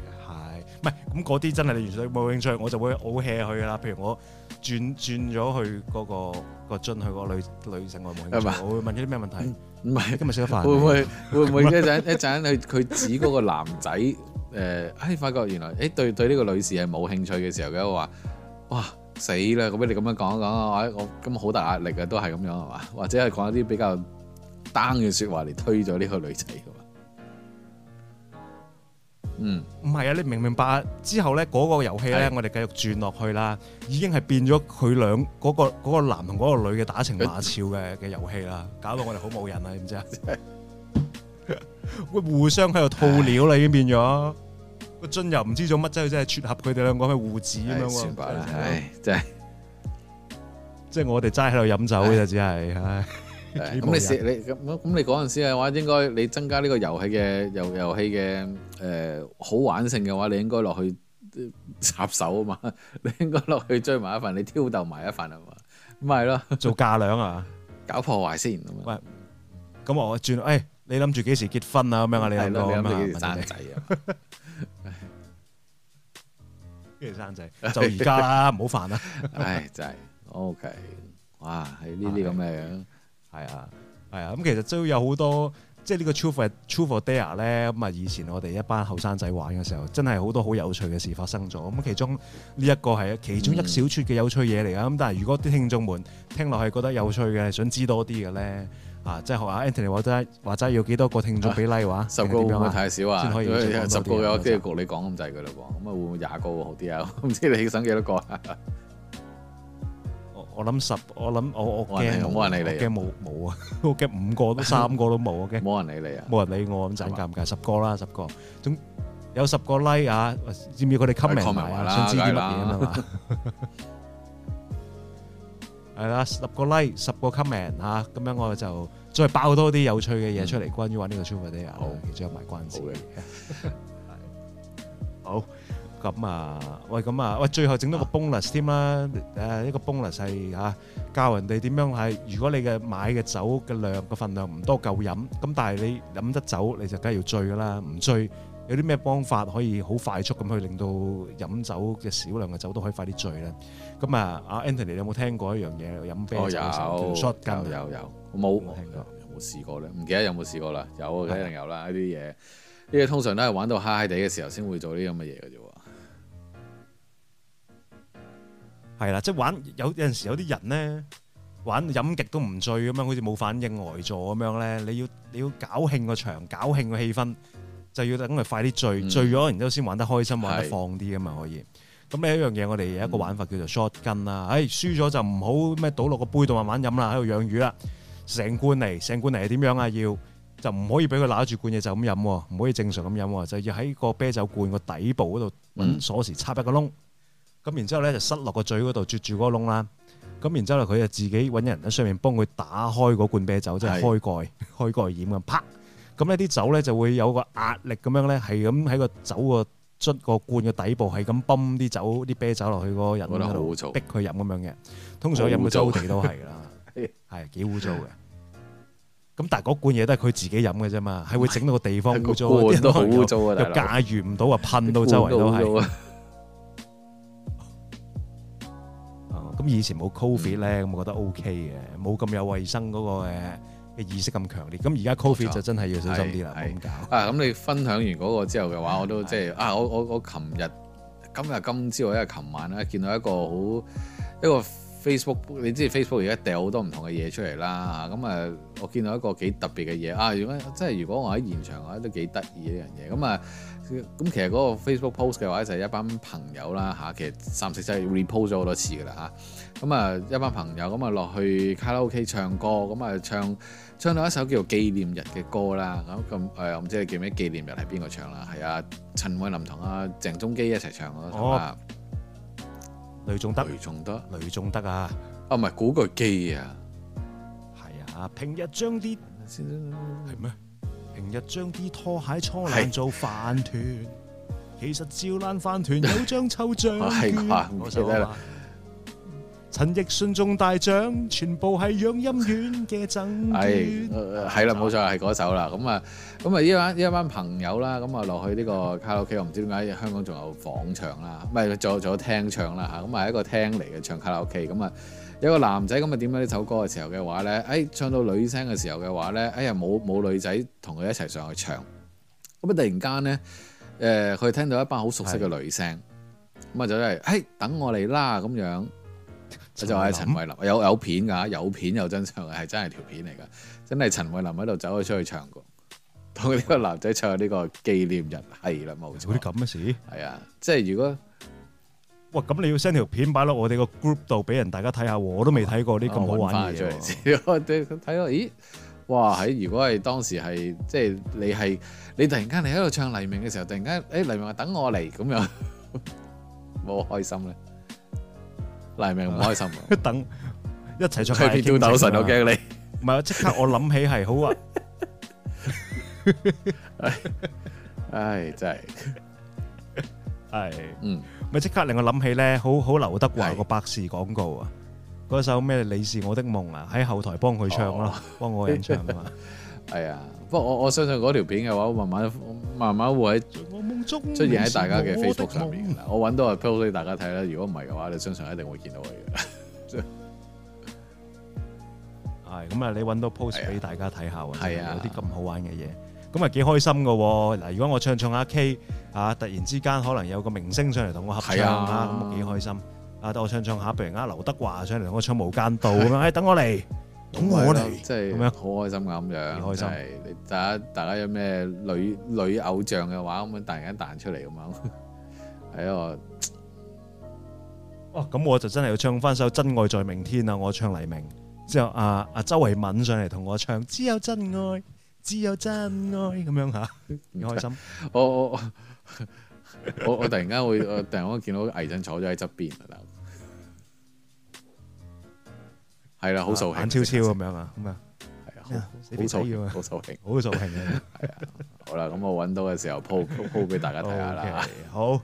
Speaker 1: 唔係咁嗰啲真係你完全冇興趣，我就會好 hea 佢啦。譬如我。轉轉咗去嗰、嗰個、嗰個進去嗰個女女性冇興趣，吧我會問佢啲咩問題？
Speaker 2: 唔係、嗯、今日食咗飯會？會唔會會唔 會一陣一陣，佢佢指嗰個男仔誒？哎、呃、發覺原來誒、欸、對對呢個女士係冇興趣嘅時候嘅話，哇死啦！咁俾你咁樣講一講啊！我我咁好大壓力啊，都係咁樣係嘛？或者係講一啲比較 down 嘅説話嚟推咗呢個女仔。
Speaker 1: 嗯，唔係啊，你明唔明白之後咧嗰、嗰個遊戲咧，的我哋繼續轉落去啦，已經係變咗佢兩嗰個嗰、嗰個男同嗰個女嘅打情罵俏嘅嘅遊戲啦，搞到我哋好冇癮啊！你知唔知啊？會 互相喺度吐料啦，唉已經變咗個樽又唔知做乜真係撮合佢哋兩個嘅互子咁樣。明係即係我哋齋喺度飲酒嘅只係，
Speaker 2: 咁你咁你嗰陣時嘅話，應該你增加呢個遊戲嘅遊遊戲嘅。誒、呃、好玩性嘅話，你應該落去插手啊嘛！你應該落去追埋一份，你挑逗埋一份係嘛？咁係咯，做嫁娘啊，搞
Speaker 1: 破壞先，喂，咁我轉，誒、欸、你諗住幾時結婚啊？咁樣、嗯、啊，你啊我諗住生仔啊，跟住生仔就而家啦，唔好 煩啦！ 唉，
Speaker 2: 就係 OK，哇，係呢啲咁嘅樣，
Speaker 1: 係對啊，係啊，咁其實都有好多。即係呢個 Truth or Truth or Dare 咧，咁啊以前我哋一班後生仔玩嘅時候，真係好多好有趣嘅事發生咗。咁其中呢一個係其中一小撮嘅有趣嘢嚟㗎！咁但係如果啲聽眾們聽落去覺得有趣嘅，想知多啲嘅咧，啊，即係學下 Anthony 話齋話齋有幾多個聽眾俾 like 啊？十個會唔會太少啊？可以十個有啲局
Speaker 2: 你講咁滯嘅啦喎，咁啊、嗯、會唔會廿個會好啲啊？唔知你想幾多個啊？
Speaker 1: 我諗十，我諗我我驚冇冇啊，我驚五個都三個都冇，我驚冇人理你啊，冇人理我咁盞尷尬。十個啦，十個，總有十個 like 啊，知唔知佢哋 comment 想知啲乜嘢啊？係啦，十個 like，十個 comment 啊，咁樣我就再爆多啲有趣嘅嘢出嚟，關於玩呢個 super day 啊，其中有埋關子。
Speaker 2: 好。
Speaker 1: 咁啊，喂，咁啊，喂，最後整多個 bonus 添啦。誒，呢個 bonus 係啊教人哋點樣係。如果你嘅買嘅酒嘅量個份量唔多夠飲，咁但係你飲得酒你就梗係要醉㗎啦。唔醉有啲咩方法可以好快速咁去令到飲酒嘅少量嘅酒都可以快啲醉咧？咁啊，阿 Anthony 你有冇聽過一樣嘢飲啤酒？哦，有 shotgun，有
Speaker 2: 有冇冇聽過？有冇試過咧？唔記得有冇試過啦？有，肯定有啦。呢啲嘢呢啲通常都係玩到 high high 地嘅時候先會做啲咁嘅嘢㗎啫。
Speaker 1: 係啦，即係玩有，有陣時有啲人咧玩飲極都唔醉咁樣，好似冇反應呆咗，咁樣咧。你要你要搞興個場，搞興個氣氛，就要等佢快啲醉，嗯、醉咗然之後先玩得開心，玩得放啲咁嘛可以。咁有一樣嘢，我哋有一個玩法叫做 shot gun 啦，哎。唉，輸咗就唔好咩倒落個杯度慢慢飲啦，喺度養魚啦。成罐嚟，成罐嚟係點樣啊？要就唔可以俾佢拿住罐嘢就咁飲，唔可以正常咁飲，就要喺個啤酒罐個底部嗰度揾鎖匙插一個窿。咁然之後咧就塞落個嘴嗰度，啜住嗰個窿啦。咁然之後佢就自己揾人喺上面幫佢打開嗰罐啤酒，即係開蓋、開蓋飲咁。啪！咁咧啲酒咧就會有個壓力咁樣咧，係咁喺個酒個樽個罐嘅底部係咁泵啲酒、啲啤酒落去嗰個人嗰度，逼佢飲咁樣嘅。通常飲嘅周地都係啦，係幾污糟嘅。咁但係嗰罐嘢都係佢自己飲嘅啫嘛，係會整到個地方污糟啲，又駕馭唔到啊，噴到周圍都係。咁以前冇 Covid 咧、嗯，咁我覺得 OK 嘅，冇咁有衞生嗰個嘅意識咁強烈。咁而家 Covid 就真係要小心啲啦，
Speaker 2: 咁搞。啊，咁你分享完嗰個之後嘅話，是我都即、就、係、是、的啊，我我我琴日、今日、今朝或者係琴晚咧，見到一個好一個 Facebook，你知 Facebook 而家掉好多唔同嘅嘢出嚟啦咁啊，我見到一個幾特別嘅嘢啊！如果即係如果我喺現場嘅話，我覺得都幾得意嘅一樣嘢。咁啊。啊咁其實嗰個 Facebook post 嘅話就係一班朋友啦吓，其實暫時真係 repost 咗好多次噶啦吓，咁啊一班朋友咁啊落去卡拉 OK 唱歌，咁啊唱唱到一首叫做《紀念日》嘅歌啦。咁咁誒我唔知你叫咩，《紀念日》係邊個唱啦？係啊陳慧琳同啊鄭中基一齊唱咯。啊、哦，雷仲德，雷仲德，雷仲德啊！啊唔係古巨基啊，
Speaker 1: 係啊平日將啲係咩？成日將啲拖鞋搓爛做飯團，是其實照爛飯團有張抽獎券。 我記得啦，陳奕迅中大獎，全部係養陰院嘅贈
Speaker 2: 券。係啦，冇錯係嗰首啦。咁手啊，咁啊，依 班班朋友啦，咁啊落去呢個卡拉 OK，我唔知點解香港仲有房場有有唱啦，咪仲仲有聽唱啦嚇。咁係一個廳嚟嘅唱卡拉 OK，咁啊。有個男仔咁咪點解呢首歌嘅時候嘅話咧，誒唱到女聲嘅時候嘅話咧，哎呀冇冇女仔同佢一齊上去唱，咁啊突然間咧，誒、呃、佢聽到一班好熟悉嘅女聲，咁啊的就係，誒等我嚟啦咁樣，就係陳慧琳，有有片㗎，有片有真相嘅，係真係條片嚟㗎，真係陳慧琳喺度走咗出去唱過，同呢個男仔唱呢個紀念日，係啦冇錯。嗰啲咁嘅事，係啊，即、就、係、是、如果。哇！咁你要 send 條
Speaker 1: 片擺落我哋個 group 度俾人大家睇下，我都未睇過呢咁好玩嘅
Speaker 2: 嘢。睇到、啊、 咦？哇！喺如果係當時係即係你係你突然間你喺度唱黎明嘅時候，突然間誒黎明話等我嚟咁樣，我開心咧。黎明唔開心啊！
Speaker 1: 心是等 一齊唱《見天吊神》，我驚你。唔係即刻我，我諗起係好啊！唉、 哎哎，真係。係，咪即刻令我諗起咧，好好劉德華個百事廣告啊，嗰首咩你是我的夢啊，喺後台幫佢唱咯，
Speaker 2: 幫、oh. 我演唱啊，嘛，係 啊，不過我我相信嗰條片嘅話，慢慢慢慢會喺夢出現喺大家嘅 Facebook 上面，我揾到 post 俾大家睇啦，如果唔係嘅話，你相信一定會見到佢嘅，係 咁啊，你
Speaker 1: 揾到 post 俾大家睇下喎，啊啊、有啲咁好玩嘅嘢。咁啊幾開心㗎喎！嗱，如果我唱唱下 K，嚇突然之間可能有個明星上嚟同我合唱嚇，咁幾開心。啊，我唱唱下，
Speaker 2: 譬如啊劉德華上嚟同我
Speaker 1: 唱《無間道》咁樣，哎等我嚟，等我嚟，
Speaker 2: 即係咁樣好開心咁樣，開心。大家大家有咩女女偶像嘅話，咁樣突然間彈出嚟咁樣，係啊，
Speaker 1: 哦咁我就真係要唱翻首《真愛在明天》啊！我唱黎明之後，阿阿周慧敏上嚟同我唱《只有真愛》。只有真愛咁樣吓唔開心！
Speaker 2: 我我我我突然間會，突然我見到魏振坐咗喺側邊啊！大佬，係啦，好掃興，眼超超咁樣啊，咁啊，係啊，好掃興，好掃興，好掃興啊！係啊，好啦，咁我揾到嘅時候鋪鋪俾大家睇下啦，好。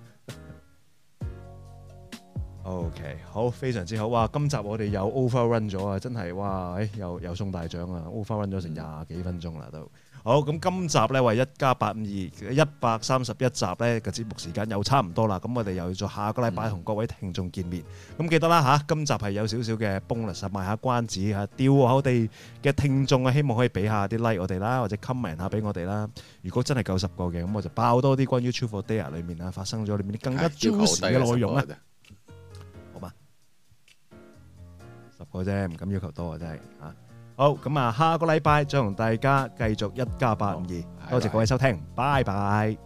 Speaker 1: O.K. 好，非常之好。哇，今集我哋又 overrun 咗啊，真係哇，誒又又送大獎啊，overrun 咗成廿幾分鐘啦都。好，咁今集咧話一家八五二一百三十一集咧嘅節目時間又差唔多啦。咁我哋又要做下個禮拜同各位聽眾見面。咁記得啦嚇，今集係有少少嘅 bonus，賣下關子嚇，吊我哋嘅聽眾啊，希望可以俾下啲 like 我哋啦，或者 comment 下俾我哋啦。如果真係夠十個嘅，咁我就爆多啲關於 Truth or Dare 裏面啊發生咗裏面啲更加鉅事嘅內容啊！啫，唔敢要求多啊！真係啊，好。咁啊，下個禮拜再同大家繼續一家八五二，多謝各位收聽，拜拜。